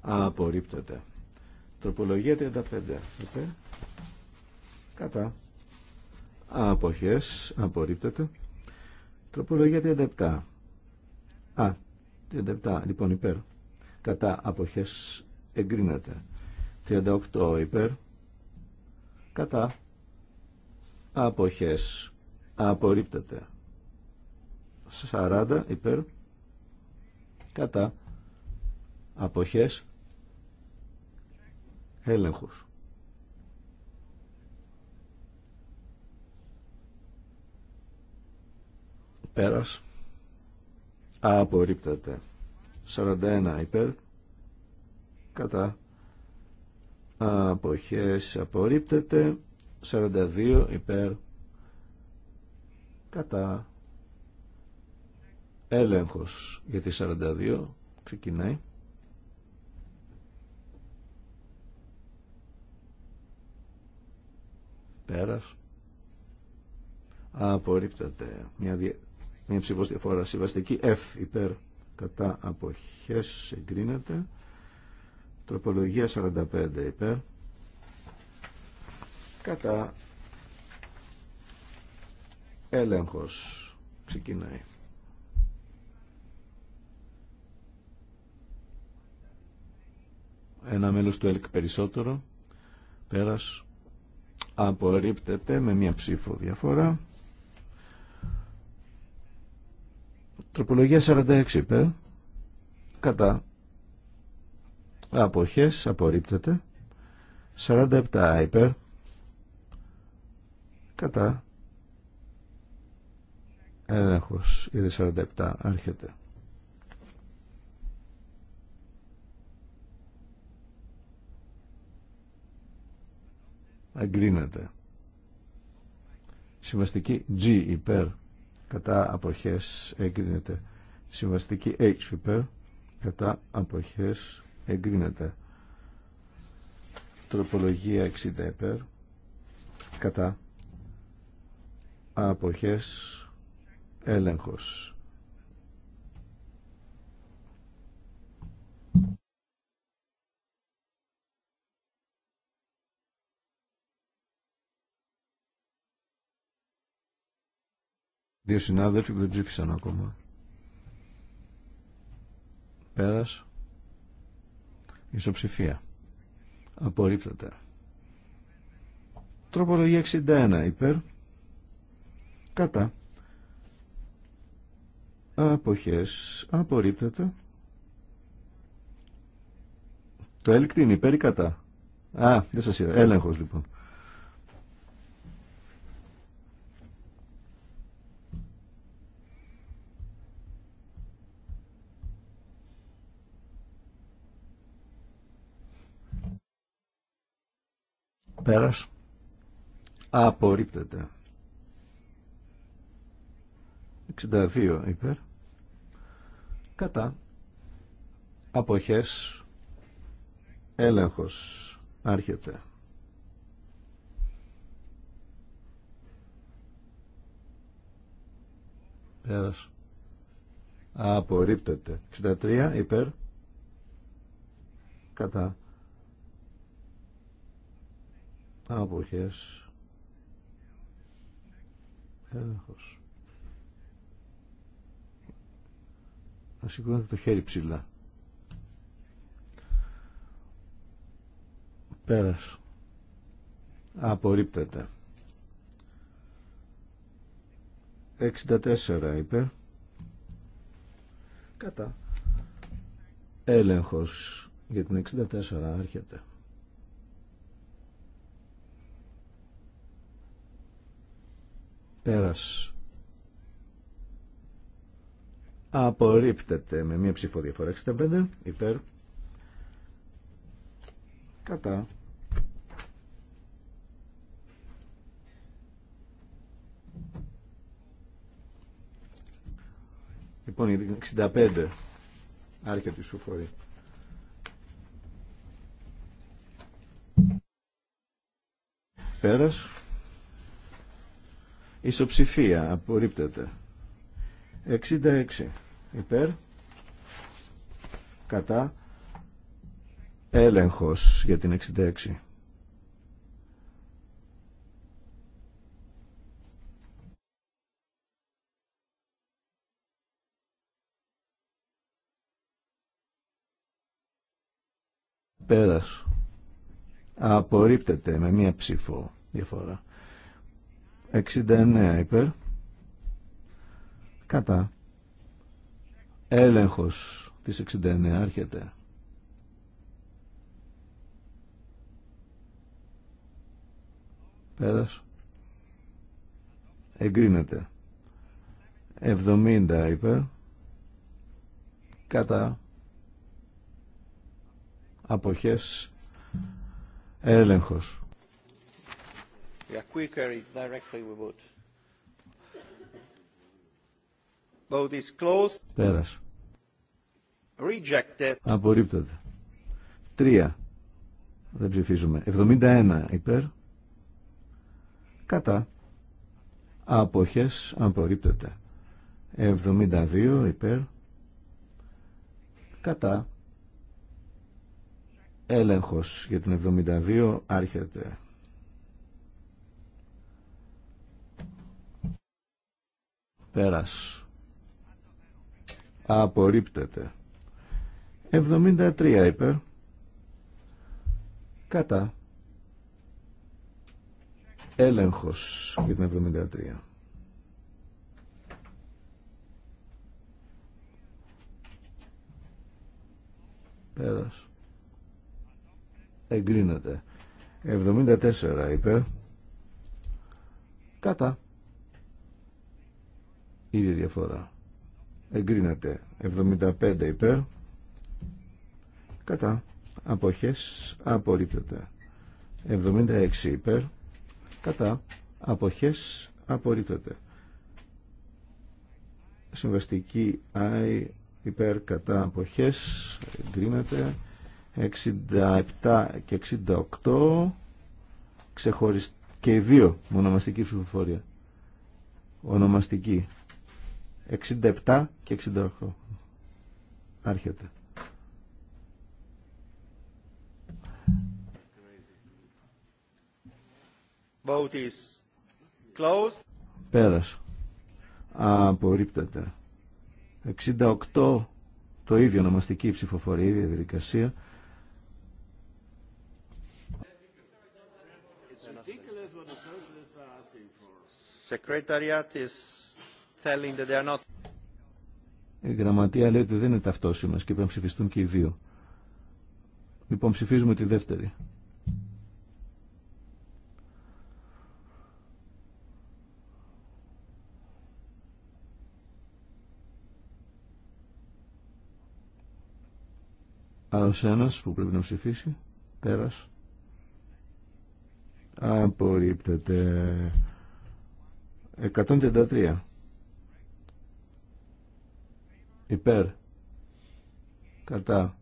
απορρίπτεται τροπολογία 35 υπέρ κατά αποχές απορρίπτεται τροπολογία 37 Α, 37 λοιπόν υπέρ. Κατά αποχές εγκρίνεται. 38 υπέρ. Κατά αποχές απορρίπτεται. 40 υπέρ. Κατά αποχές έλεγχους Πέρας απορρίπτεται. 41 υπέρ κατά αποχές απορρίπτεται. 42 υπέρ κατά έλεγχος για τη 42 ξεκινάει. Πέρας. Απορρίπτεται. Μια Μία ψήφος διαφορά. Συμβαστική F υπέρ κατά αποχές εγκρίνεται. Τροπολογία 45 υπέρ κατά έλεγχος ξεκινάει. Ένα μέλος του ΕΛΚ περισσότερο πέρας απορρίπτεται με μία ψήφο διαφορά. Τροπολογία 46 υπέρ. Κατά. Αποχές απορρίπτεται. 47 υπέρ. Κατά. Έλεγχος. Ήδη 47 άρχεται. Αγκρίνεται. Συμβαστική G υπέρ κατά αποχές εγκρίνεται. Συμβαστική H υπέρ κατά αποχές εγκρίνεται. Τροπολογία 60 υπέρ κατά αποχές έλεγχος. Δύο συνάδελφοι που δεν ψήφισαν ακόμα. Πέρας. Ισοψηφία. Απορρίπτεται. Τροπολογία 61 υπέρ. Κατά. Αποχές. Απορρίπτεται. Το έλκτη είναι υπέρ ή κατά. Α, δεν σας είδα. Έλεγχος λοιπόν. Πέρας. Απορρίπτεται. 62 υπέρ. Κατά. Αποχές. Έλεγχος. Άρχεται. Πέρας. Απορρίπτεται. 63 υπέρ. Κατά. αποχές έλεγχος να σηκώνετε το χέρι ψηλά πέρας απορρίπτεται 64 είπε, κατά έλεγχος για την 64 έρχεται. Πέρας. Απορρίπτεται με μία ψηφοδιαφορά 65 υπέρ. Κατά. Λοιπόν, 65 άρχεται η σουφορία. Πέρας. Ισοψηφία. Απορρίπτεται. 66 υπέρ. Κατά. Έλεγχος για την 66. Πέρας. Απορρίπτεται με μία ψήφο διαφορά. 69 υπέρ. Κατά. Έλεγχος της 69 άρχεται. Πέρας. Εγκρίνεται. 70 υπέρ. Κατά. Αποχές. Έλεγχος. Yeah, quicker query uh, directly we would. Vote is closed. Πέρας. Rejected. Απορρίπτεται. Τρία. Δεν ψηφίζουμε. 71 υπέρ. Κατά. Αποχές απορρίπτεται. 72 υπέρ. Κατά. Έλεγχος για την 72 άρχεται. Πέρας. Απορρίπτεται. 73 είπε. Κατά. Έλεγχος για την 73. Πέρας. Εγκρίνεται. 74 είπε. Κατά. Ήδη διαφορά. Εγκρίνεται 75 υπέρ. Κατά. Αποχές απορρίπτεται. 76 υπέρ. Κατά. Αποχές απορρίπτεται. Συμβαστική I υπέρ κατά αποχές εγκρίνεται. 67 και 68 ξεχωριστική και οι δύο μονομαστική ψηφοφορία. Ονομαστική. 67 και 68. Άρχεται. Vote is closed. Πέρασε. Απορρίπτεται. 68 το ίδιο ονομαστική ψηφοφορία, η διαδικασία. Secretariat is telling not... Η γραμματεία λέει ότι δεν είναι ταυτόσιμες και πρέπει να ψηφιστούν και οι δύο. Λοιπόν, ψηφίζουμε τη δεύτερη. Άλλος ένας που πρέπει να ψηφίσει. Πέρας. Απορρίπτεται. 133 υπέρ κατά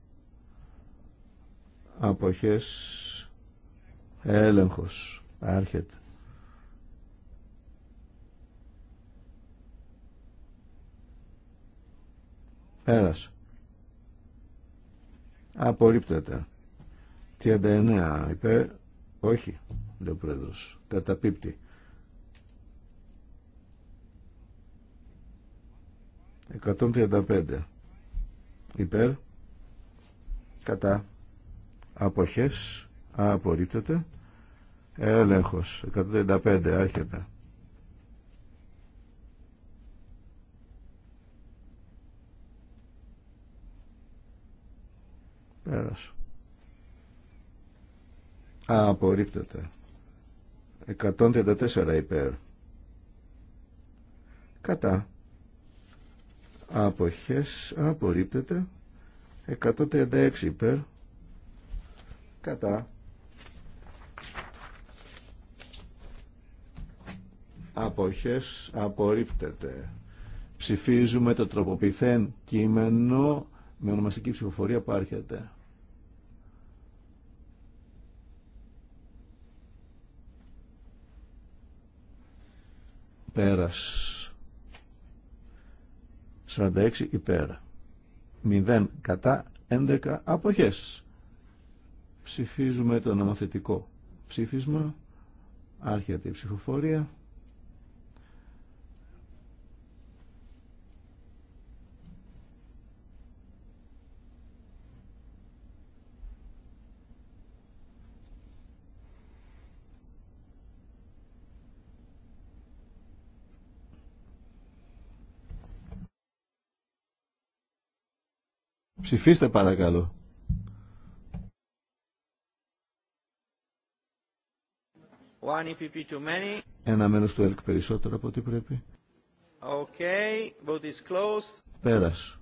αποχές έλεγχος άρχεται Πέρασε. απορρίπτεται 39 υπέρ όχι λέει ο πρόεδρος καταπίπτει 135 υπέρ κατά αποχές απορρίπτεται έλεγχος 135 άρχεται πέρας απορρίπτεται 134 υπέρ κατά αποχές απορρίπτεται 136 υπέρ κατά αποχές απορρίπτεται ψηφίζουμε το τροποποιηθέν κείμενο με ονομαστική ψηφοφορία που Πέρας. 46 υπέρ. 0 κατά 11 αποχές. Ψηφίζουμε το νομοθετικό ψήφισμα. Άρχεται η ψηφοφορία. Ψηφίστε παρακαλώ. One too many. Ένα μέλος του ΕΛΚ περισσότερο από ό,τι πρέπει. Okay, but is closed. Πέρας.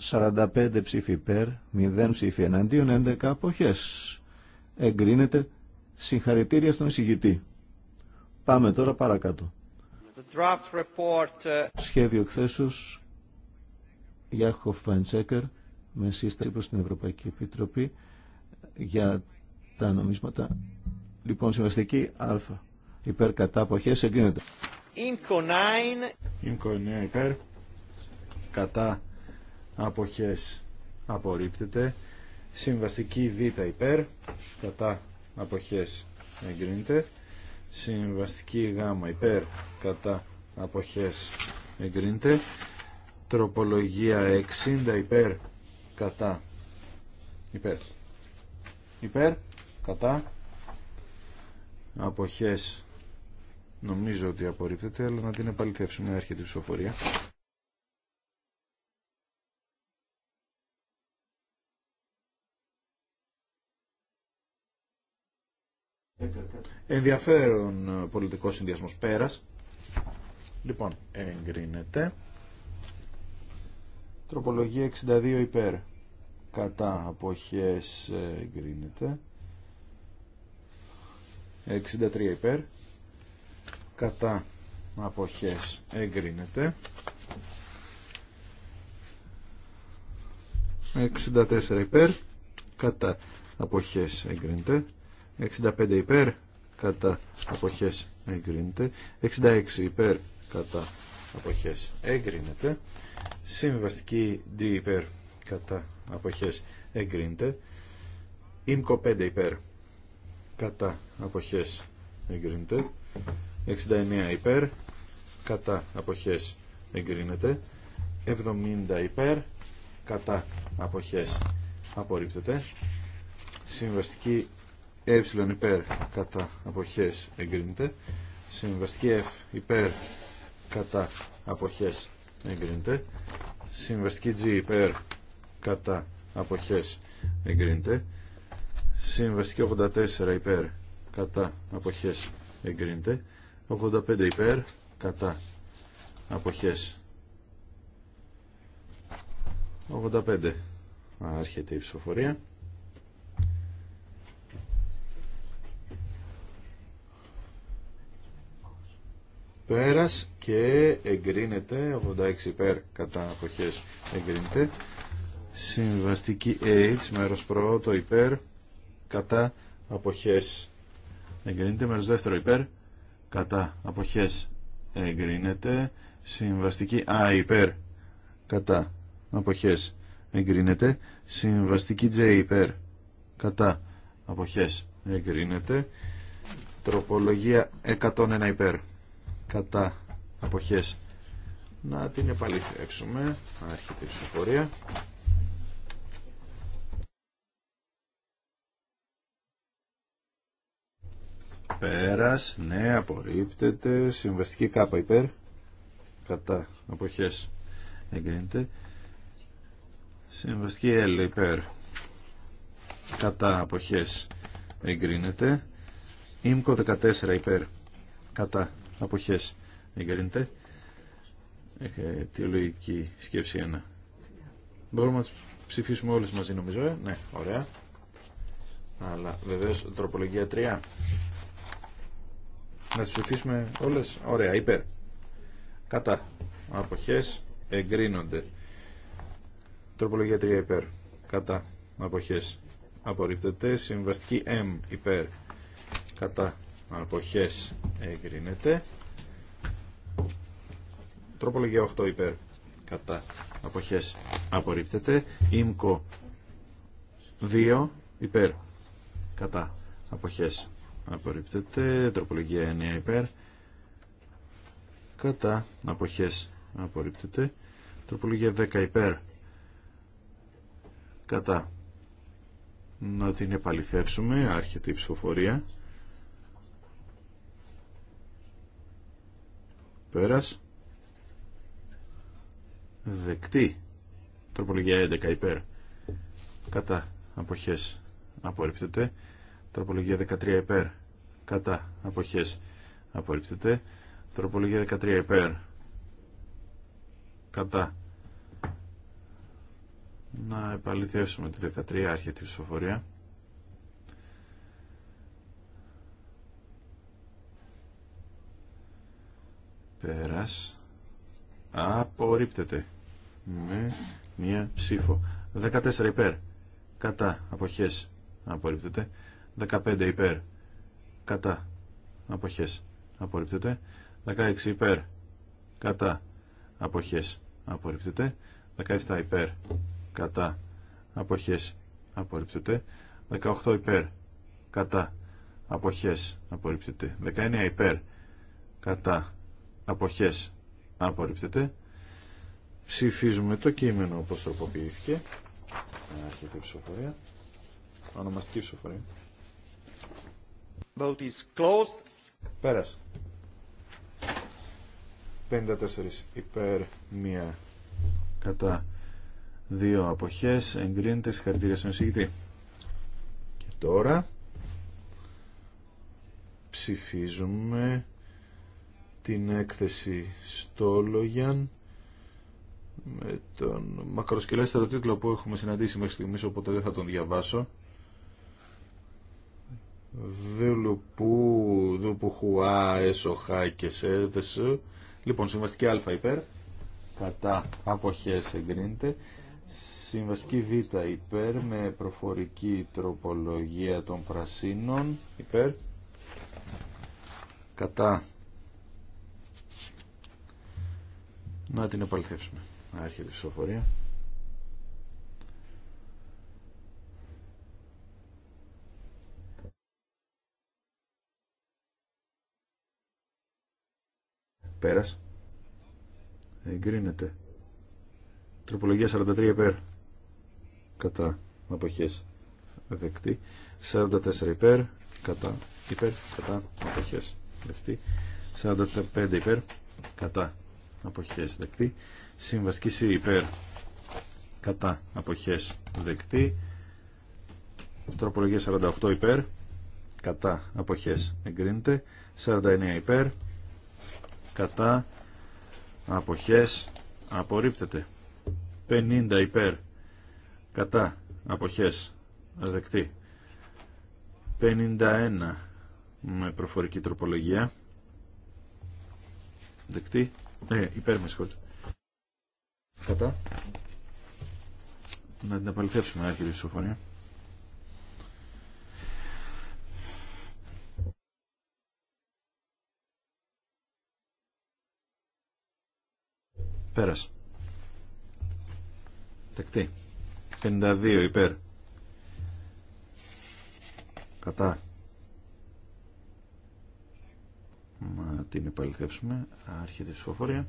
45 ψήφοι υπέρ, 0 ψηφι εναντίον, 11 αποχές. Εγκρίνεται συγχαρητήρια στον εισηγητή. Πάμε τώρα παρακάτω. draft report... Uh, Σχέδιο εκθέσεως Γιάχο Φαντσέκερ με σύσταση προς την Ευρωπαϊκή Επιτροπή για τα νομίσματα. Λοιπόν, συμβαστική Α. Υπέρ κατά αποχές εγκρίνεται. Ινκο 9. Ινκο υπέρ. Κατά αποχές απορρίπτεται. Συμβαστική Β υπέρ. Κατά αποχές εγκρίνεται. Συμβαστική Γ υπέρ. Κατά αποχές εγκρίνεται. Τροπολογία 60 υπέρ κατά υπέρ υπέρ κατά αποχές νομίζω ότι απορρίπτεται αλλά να την επαληθεύσουμε έρχεται η ψηφοφορία ενδιαφέρον πολιτικός συνδυασμός πέρας λοιπόν εγκρίνεται Τροπολογία 62 υπέρ. Κατά αποχές εγκρίνεται. 63 υπέρ. Κατά αποχές εγκρίνεται. 64 υπέρ. Κατά αποχές εγκρίνεται. 65 υπέρ. Κατά αποχές εγκρίνεται. 66 υπέρ. Κατά αποχές εγκρίνεται συμβιβαστική D υπέρ κατά αποχές εγκρίνεται ΙΜΚΟ 5 υπέρ κατά αποχές εγκρίνεται 69 υπέρ κατά αποχές εγκρίνεται 70 υπέρ κατά αποχές απορρίπτεται συμβαστική ε υπέρ κατά αποχές εγκρίνεται συμβαστική F υπέρ κατά αποχές εγκρίνεται συμβαστική G υπέρ κατά αποχές εγκρίνεται συμβαστική 84 υπέρ κατά αποχές εγκρίνεται 85 υπέρ κατά αποχές 85 άρχεται η ψηφοφορία πέρας και εγκρίνεται 86 υπέρ κατά αποχές εγκρίνεται συμβαστική H μέρος πρώτο υπέρ κατά αποχές εγκρίνεται μέρος δεύτερο υπέρ κατά αποχές εγκρίνεται συμβαστική Α υπέρ κατά αποχές εγκρίνεται συμβαστική J υπέρ κατά αποχές εγκρίνεται τροπολογία 101 υπέρ κατά αποχές να την επαληθεύσουμε άρχεται η συμφορία. πέρας ναι απορρίπτεται συμβαστική κάπα υπέρ κατά αποχές εγκρίνεται συμβαστική L υπέρ κατά αποχές εγκρίνεται ΙΜΚΟ 14 υπέρ κατά αποχές εγκρίνεται ε, αιτιολογική σκέψη ένα. μπορούμε να ψηφίσουμε όλες μαζί νομίζω ε? ναι ωραία αλλά βεβαίως τροπολογία 3 να τις ψηφίσουμε όλες ωραία υπέρ κατά αποχές εγκρίνονται τροπολογία 3 υπέρ κατά αποχές απορρίπτεται συμβαστική M υπέρ κατά αποχές εγκρίνεται. Τροπολογία 8 υπέρ κατά αποχές απορρίπτεται. Ήμκο 2 υπέρ κατά αποχές απορρίπτεται. Τροπολογία 9 υπέρ κατά αποχές απορρίπτεται. Τροπολογία 10 υπέρ κατά να την επαληθεύσουμε. Άρχεται η ψηφοφορία. Πέρας. Δεκτή. Τροπολογία 11 υπέρ. Κατά. Αποχές. Απορρίπτεται. Τροπολογία 13 υπέρ. Κατά. Αποχές. Απορρίπτεται. Τροπολογία 13 υπέρ. Κατά. Να επαληθεύσουμε τη 13 άρχεται η ψηφοφορία. Πέρας. Απορρίπτεται. Με μία ψήφο. 14 υπέρ. Κατά. Αποχές. Απορρίπτεται. 15 υπέρ. Κατά. Αποχές. Απορρίπτεται. 16 υπέρ. Κατά. Αποχές. Απορρίπτεται. 17 υπέρ. Κατά. Αποχές. Απορρίπτεται. 18 υπέρ. Κατά. Αποχές. Απορρίπτεται. 19 υπέρ. Κατά αποχές απορρίπτεται ψηφίζουμε το κείμενο όπως τροποποιήθηκε άρχεται ψηφοφορία ονομαστική ψηφοφορία Vote is closed. Πέρασε. 54 υπέρ, μία κατά 2 αποχές. Εγκρίνεται συγχαρητήρια στον εισηγητή. Και τώρα ψηφίζουμε την έκθεση Στόλογιαν με τον μακροσκελέστερο τίτλο που έχουμε συναντήσει μέχρι στιγμής οπότε δεν θα τον διαβάσω Δουπουχουά, Έσοχα και Σέδεσου Λοιπόν, συμβαστική α υπέρ κατά αποχές εγκρίνεται Συμβαστική Β υπέρ με προφορική τροπολογία των πρασίνων υπέρ κατά Να την επαληθεύσουμε. έρχεται η ψηφοφορία. Πέρας. Εγκρίνεται. Τροπολογία 43 υπέρ. Κατά αποχές δεκτή. 44 υπέρ. Κατά υπέρ. Κατά αποχές δεκτή. 45 υπέρ. Κατά αποχές δεκτή. Συμβαστική C υπέρ κατά αποχές δεκτή. Τροπολογία 48 υπέρ κατά αποχές εγκρίνεται. 49 υπέρ κατά αποχές απορρίπτεται. 50 υπέρ κατά αποχές δεκτή. 51 με προφορική τροπολογία δεκτή ναι, υπέρ με συγχωρείτε. Κατά. Να την επαληθεύσουμε, κύριε ψηφοφορία. Πέρασε. Τεκτή. 52 υπέρ. Κατά. να την επαληθεύσουμε. Άρχεται η ψηφοφορία.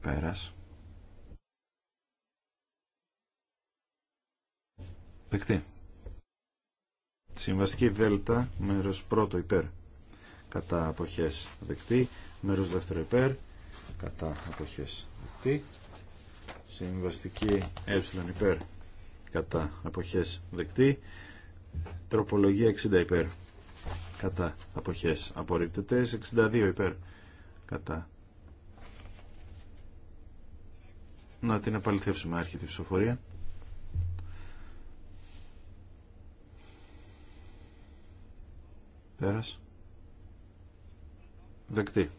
Πέρας. Δεκτή. Συμβαστική δέλτα, μέρος πρώτο υπέρ. Κατά αποχές δεκτή. Μέρος δεύτερο υπέρ. Κατά αποχές δεκτή. Συμβαστική ε υπέρ κατά αποχές δεκτή. Τροπολογία 60 υπέρ κατά αποχές απορρίπτεται. 62 υπέρ κατά. Να την επαληθεύσουμε άρχη τη ψηφοφορία. Πέρας. Δεκτή.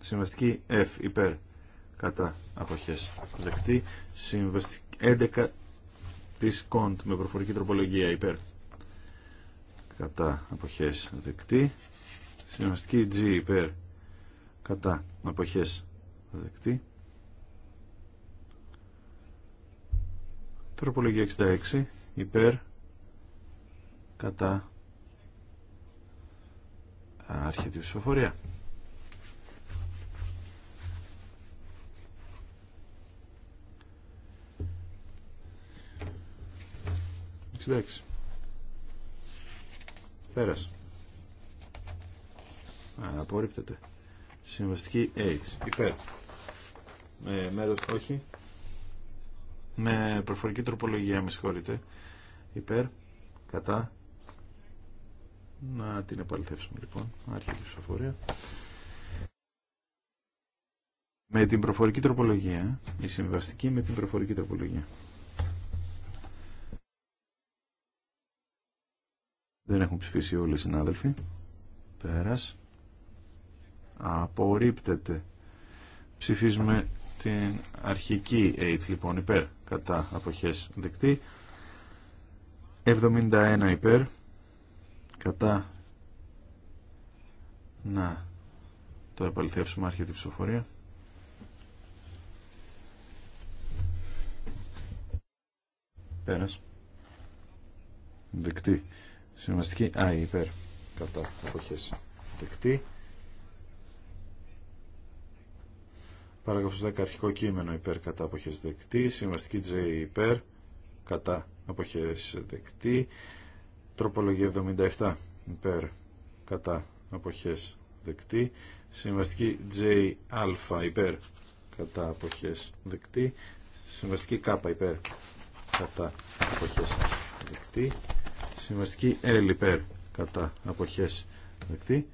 Συμβαστική F υπέρ κατά αποχές δεκτή συμβαστική 11 της κοντ με προφορική τροπολογία υπέρ κατά αποχές δεκτή συμβαστική G υπέρ κατά αποχές δεκτή τροπολογία 66 υπέρ κατά άρχεται ψηφοφορία 66. Πέρας. απορρίπτεται. Συμβαστική AIDS. Υπέρ. Με μέρος όχι. Με προφορική τροπολογία, με συγχωρείτε. Υπέρ. Κατά. Να την επαληθεύσουμε λοιπόν. Άρχιε ψηφοφορία. Με την προφορική τροπολογία. Η συμβαστική με την προφορική τροπολογία. Δεν έχουν ψηφίσει όλοι οι συνάδελφοι. Πέρας. Απορρίπτεται. Ψηφίζουμε την αρχική AIDS λοιπόν υπέρ κατά αποχές δεκτή. 71 υπέρ κατά να το επαληθεύσουμε άρχεται η ψηφοφορία. Πέρας. Δεκτή. Συμβαστική Α, υπέρ. Κατά αποχές δεκτή. Παράγραφος 10 αρχικό κείμενο υπέρ κατά αποχές δεκτή. Συμβαστική J υπέρ κατά αποχές δεκτή. Τροπολογία 77 υπέρ κατά αποχές δεκτή. Συμβαστική J α υπέρ κατά αποχές δεκτή. Συμβαστική K υπέρ κατά αποχές δεκτή. Συμβαστική L υπέρ κατά αποχές δεκτή.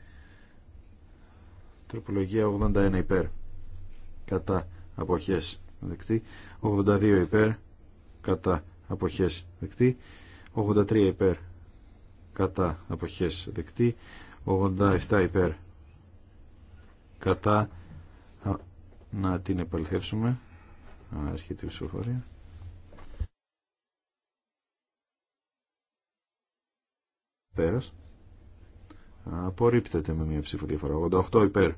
Τροπολογία 81 υπέρ κατά αποχές δεκτή. 82 υπέρ κατά αποχές δεκτή. 83 υπέρ κατά αποχές δεκτή. 87 υπέρ κατά να την επαληθεύσουμε. έρχεται η ψηφοφορία. Πέρας. Απορρίπτεται με μια ψήφο διαφορά. 88 υπέρ.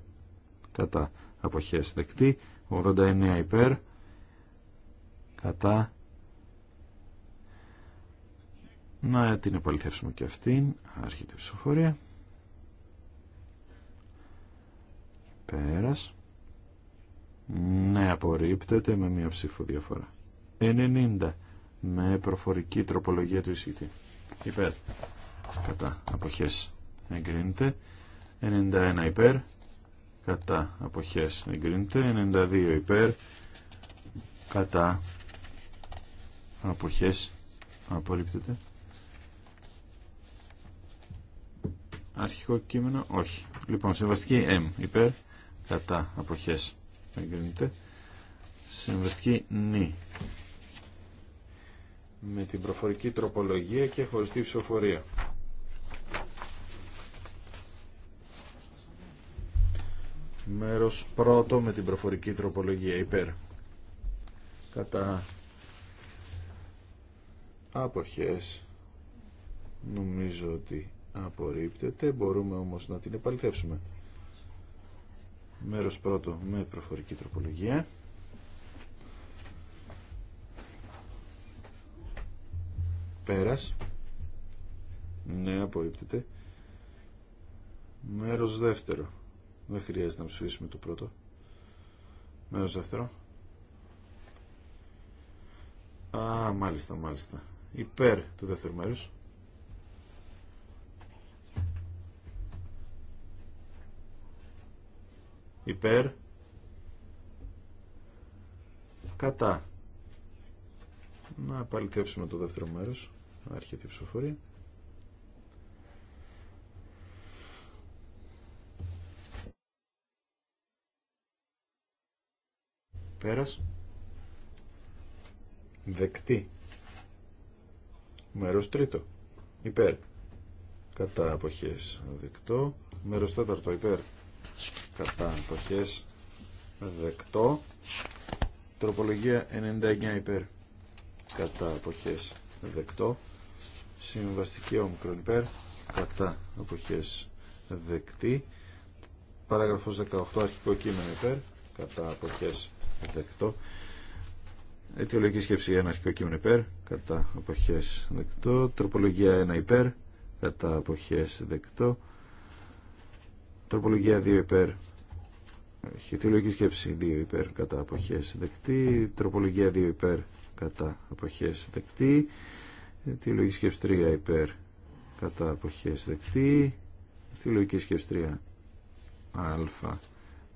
Κατά αποχές δεκτή. 89 υπέρ. Κατά. Να την επαληθεύσουμε και αυτήν. Άρχεται η ψηφοφορία. Πέρας. Ναι, απορρίπτεται με μια ψήφο διαφορά. 90 με προφορική τροπολογία του εισηγητή. Υπέρ κατά αποχές εγκρίνεται 91 υπέρ κατά αποχές εγκρίνεται 92 υπέρ κατά αποχές απορρίπτεται αρχικό κείμενο όχι λοιπόν συμβαστική M υπέρ κατά αποχές εγκρίνεται συμβαστική ν με την προφορική τροπολογία και χωριστή ψηφοφορία μέρος πρώτο με την προφορική τροπολογία υπέρ κατά αποχές νομίζω ότι απορρίπτεται μπορούμε όμως να την επαληθεύσουμε μέρος πρώτο με προφορική τροπολογία πέρας ναι απορρίπτεται μέρος δεύτερο δεν χρειάζεται να ψηφίσουμε το πρώτο. Μέρος δεύτερο. Α, μάλιστα, μάλιστα. Υπέρ του δεύτερου μέρους. Υπέρ. Κατά. Να παλιτεύσουμε το δεύτερο μέρος. έρχεται η ψηφοφορία. Πέρας. Δεκτή. Μέρος τρίτο. Υπέρ. Κατά αποχές δεκτό. Μέρος τέταρτο. Υπέρ. Κατά αποχές δεκτό. Τροπολογία 99 υπέρ. Κατά αποχές δεκτό. Συμβαστική όμικρον υπέρ. Κατά αποχές δεκτή. Παράγραφος 18 αρχικό κείμενο υπέρ. Κατά αποχές δεκτό. Αιτιολογική σκέψη 1 αρχικό κείμενο υπέρ, κατά αποχέ δεκτό. Τροπολογία 1 υπέρ, κατά αποχέ δεκτό. Τροπολογία 2 υπέρ, αιτιολογική σκέψη 2 υπέρ, κατά αποχέ δεκτή. Τροπολογία 2 υπέρ, κατά αποχέ δεκτή. Αιτιολογική σκέψη 3 υπέρ, κατά αποχέ δεκτή. Αιτιολογική σκέψη 3 α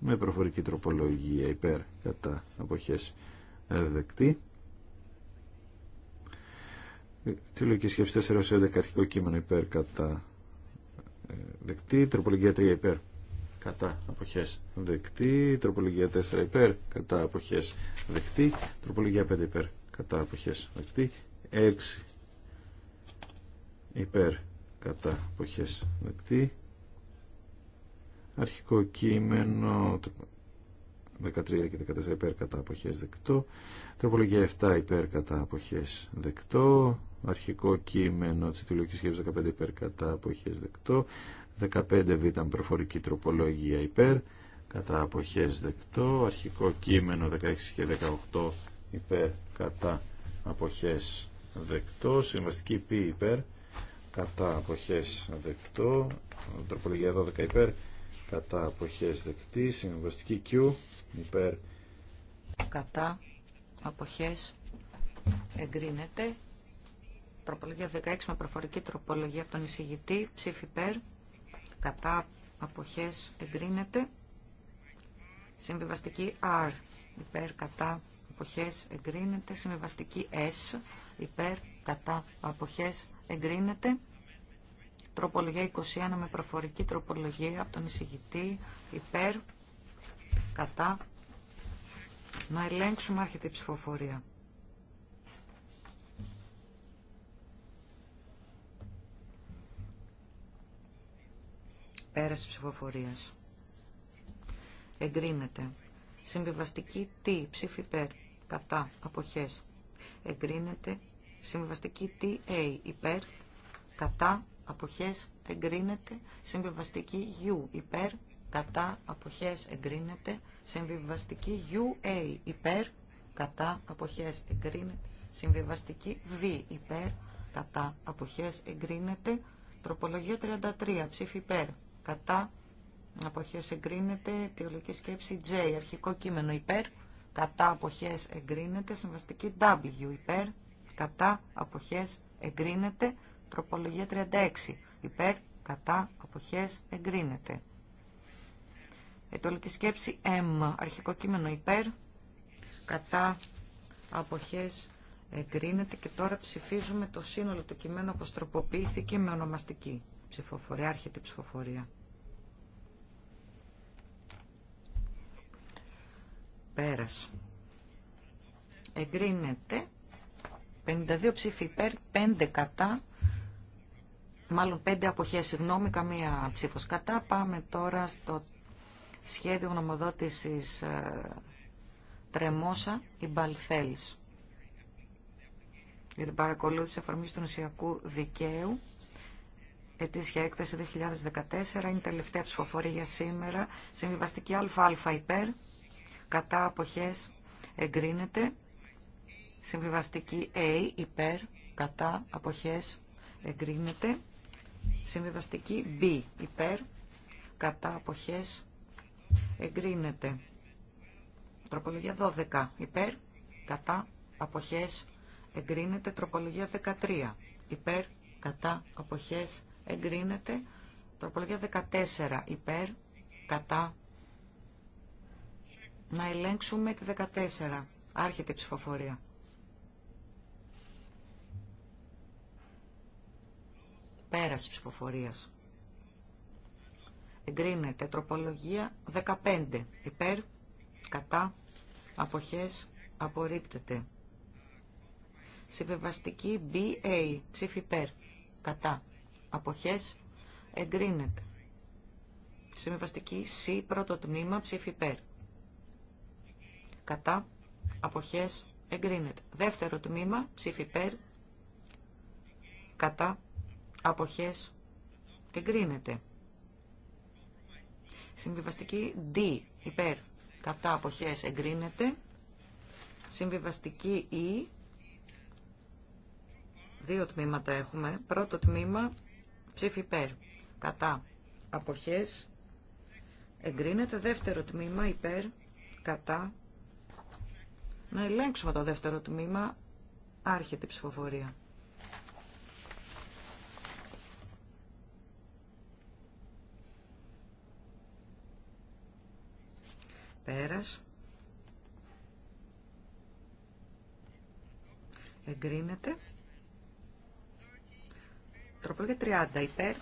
με προφορική τροπολογία υπέρ κατά αποχές δεκτή. Τη λογική σκέψη 4 11 αρχικό κείμενο υπέρ κατά ε, δεκτή. Τροπολογία 3 υπέρ κατά αποχές δεκτή. Τροπολογία 4 υπέρ κατά αποχές δεκτή. Τροπολογία 5 υπέρ κατά αποχές δεκτή. 6 υπέρ κατά αποχές δεκτή. Αρχικό κείμενο 13 και 14 υπέρ κατά αποχές δεκτό. Τροπολογία 7 υπέρ κατά αποχές δεκτό. Αρχικό κείμενο της 15 υπέρ κατά αποχές δεκτό. 15 β προφορική τροπολογία υπέρ κατά αποχές δεκτό. Αρχικό κείμενο 16 και 18 υπέρ κατά αποχές δεκτό. Συμβαστική π υπέρ κατά αποχές δεκτό. Τροπολογία 12 υπέρ κατά αποχές δεκτή, συμβαστική Q υπέρ κατά αποχές εγκρίνεται τροπολογία 16 με προφορική τροπολογία από τον εισηγητή ψήφι υπέρ κατά αποχές εγκρίνεται συμβιβαστική R υπέρ κατά αποχές εγκρίνεται συμβιβαστική S υπέρ κατά αποχές εγκρίνεται Τροπολογία 21 με προφορική τροπολογία από τον εισηγητή υπέρ, κατά. Να ελέγξουμε άρχεται ψηφοφορία. Πέραση ψηφοφορίας. Εγκρίνεται. Συμβιβαστική τι, ψήφι υπέρ, κατά, αποχές. Εγκρίνεται. Συμβιβαστική τι, A, υπέρ, κατά, αποχές εγκρίνεται. Συμβιβαστική U υπέρ, κατά, αποχές εγκρίνεται. Συμβιβαστική UA υπέρ, κατά, αποχές εγκρίνεται. Συμβιβαστική V υπέρ, κατά, αποχές εγκρίνεται. Τροπολογία 33, ψήφι υπέρ, κατά, αποχές εγκρίνεται. τεολογική σκέψη J, αρχικό κείμενο υπέρ, κατά, αποχές εγκρίνεται. Συμβαστική W υπέρ, κατά, αποχές εγκρίνεται. Τροπολογία 36. Υπέρ, κατά, αποχές, εγκρίνεται. Ετολική σκέψη M. Αρχικό κείμενο υπέρ, κατά, αποχές, εγκρίνεται. Και τώρα ψηφίζουμε το σύνολο του κειμένου όπως τροποποιήθηκε με ονομαστική ψηφοφορία, άρχεται ψηφοφορία. Πέρας. Εγκρίνεται 52 ψήφοι υπέρ, 5 κατά, μάλλον πέντε αποχές, συγγνώμη, καμία ψήφος κατά. Πάμε τώρα στο σχέδιο γνωμοδότησης ε, Τρεμόσα η Μπαλθέλης για την παρακολούθηση εφαρμογής του νοσιακού δικαίου ετήσια έκθεση 2014 είναι η τελευταία ψηφοφορία για σήμερα συμβιβαστική ΑΑ υπέρ κατά αποχές εγκρίνεται συμβιβαστική A ε υπέρ κατά αποχές εγκρίνεται Συμβιβαστική B υπέρ κατά αποχές εγκρίνεται. Τροπολογία 12 υπέρ κατά αποχές εγκρίνεται. Τροπολογία 13 υπέρ κατά αποχές εγκρίνεται. Τροπολογία 14 υπέρ κατά να ελέγξουμε τη 14. Άρχεται η ψηφοφορία. Πέραση ψηφοφορίας. Εγκρίνεται. Τροπολογία 15. Υπέρ, κατά, αποχές, απορρίπτεται. Συμβεβαστική BA. Ψήφι υπέρ, κατά, αποχές, εγκρίνεται. Συμβεβαστική C. Πρώτο τμήμα. Ψήφι υπέρ. Κατά, αποχές, εγκρίνεται. Δεύτερο τμήμα. Ψήφι υπέρ, κατά, αποχές εγκρίνεται. Συμβιβαστική D υπέρ κατά αποχές εγκρίνεται. Συμβιβαστική E δύο τμήματα έχουμε. Πρώτο τμήμα ψήφι υπέρ κατά αποχές εγκρίνεται. Δεύτερο τμήμα υπέρ κατά να ελέγξουμε το δεύτερο τμήμα άρχεται η ψηφοφορία. Πέρας. Εγκρίνεται. Τροπολογία 30 υπέρ.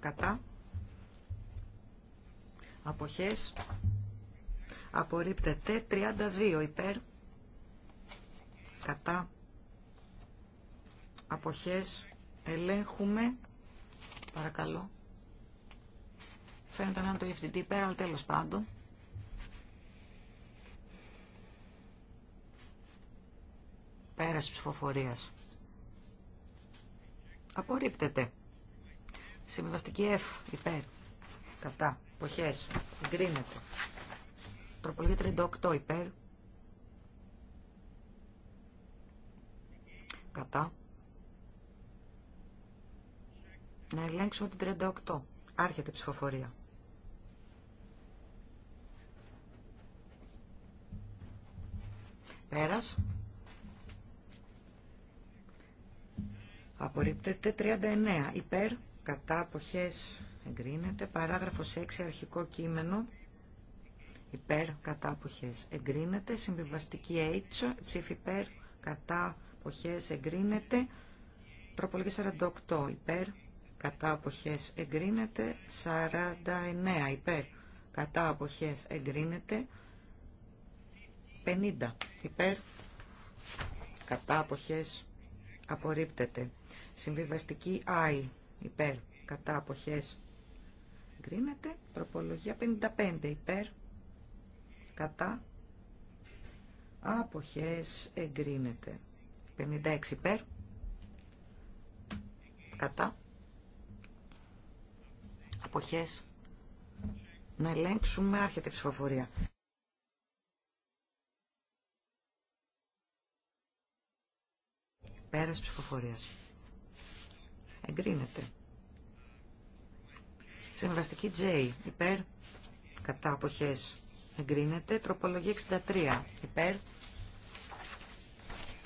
Κατά. Αποχές. Απορρίπτεται 32 υπέρ. Κατά. Αποχές. Ελέγχουμε. Παρακαλώ. Φαίνεται να είναι το EFTD πέρα, αλλά τέλος πάντων. Πέρας ψηφοφορίας. Απορρίπτεται. Συμβιβαστική F, υπέρ. Κατά. Ποχές. Εγκρίνεται. Τροπολογία 38, υπέρ. Κατά. Να ελέγξουμε την 38. Άρχεται η ψηφοφορία. Πέρας. Απορρίπτεται 39. Υπέρ. Κατά αποχές εγκρίνεται. Παράγραφος 6. Αρχικό κείμενο. Υπέρ. Κατά αποχές εγκρίνεται. Συμβιβαστική H. Ψήφι υπέρ. Κατά αποχές εγκρίνεται. Τροπολογία 48. Υπέρ. Κατά αποχές εγκρίνεται. 49. Υπέρ. Κατά αποχές εγκρίνεται. 50 υπέρ κατά αποχές απορρίπτεται. Συμβιβαστική I υπέρ κατά αποχές εγκρίνεται. Τροπολογία 55 υπέρ κατά αποχές εγκρίνεται. 56 υπέρ κατά αποχές να ελέγξουμε άρχεται ψηφοφορία. Πέρας ψηφοφορίας. Εγκρίνεται. Συμβαστική J. Υπέρ. Κατά αποχές. Εγκρίνεται. Τροπολογία 63. Υπέρ.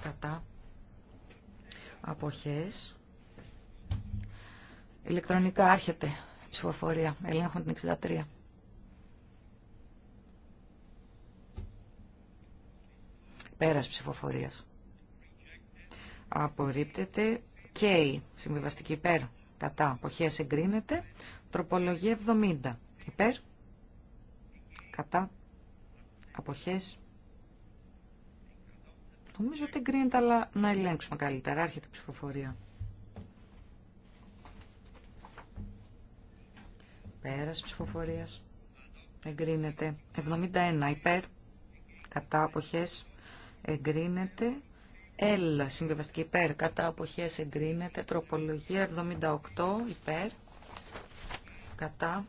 Κατά αποχές. Ηλεκτρονικά άρχεται ψηφοφορία. Ελέγχουμε την 63. Πέρας ψηφοφορίας απορρίπτεται. και η συμβιβαστική υπέρ, κατά, αποχές εγκρίνεται. Τροπολογία 70, υπέρ, κατά, αποχές. Νομίζω ότι εγκρίνεται, αλλά να ελέγξουμε καλύτερα. Άρχεται η ψηφοφορία. Πέρας ψηφοφορίας. Εγκρίνεται. 71 υπέρ. Κατά αποχές. Εγκρίνεται έλα συμβιβαστική υπέρ, κατά αποχές εγκρίνεται. Τροπολογία 78, υπέρ, κατά.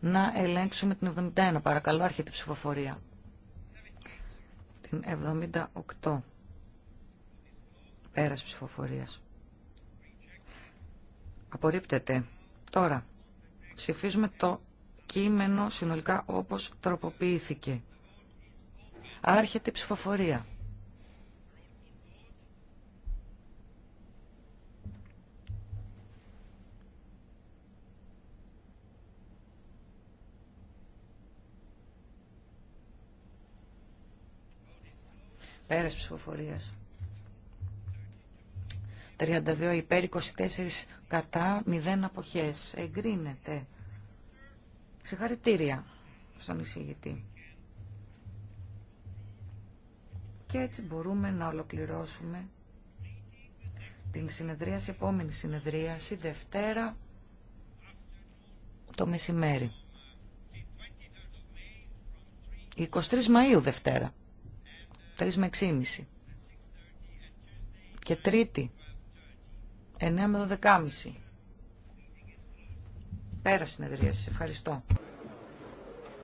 Να ελέγξουμε την 71, παρακαλώ, άρχεται η ψηφοφορία. Την 78, πέρας ψηφοφορίας. Απορρίπτεται. Τώρα, ψηφίζουμε το κείμενο συνολικά όπως τροποποιήθηκε. Άρχεται η ψηφοφορία. Πέρας ψηφοφορίας. 32 υπέρ, 24 κατά, 0 αποχές. Εγκρίνεται. Συγχαρητήρια στον εισηγητή. Και έτσι μπορούμε να ολοκληρώσουμε την συνεδρίαση, επόμενη συνεδρίαση, Δευτέρα το μεσημέρι. 23 Μαΐου Δευτέρα. 3 με 6.30. Και τρίτη, 9 με 12.30. Πέρα συνεδρία σας. Ευχαριστώ.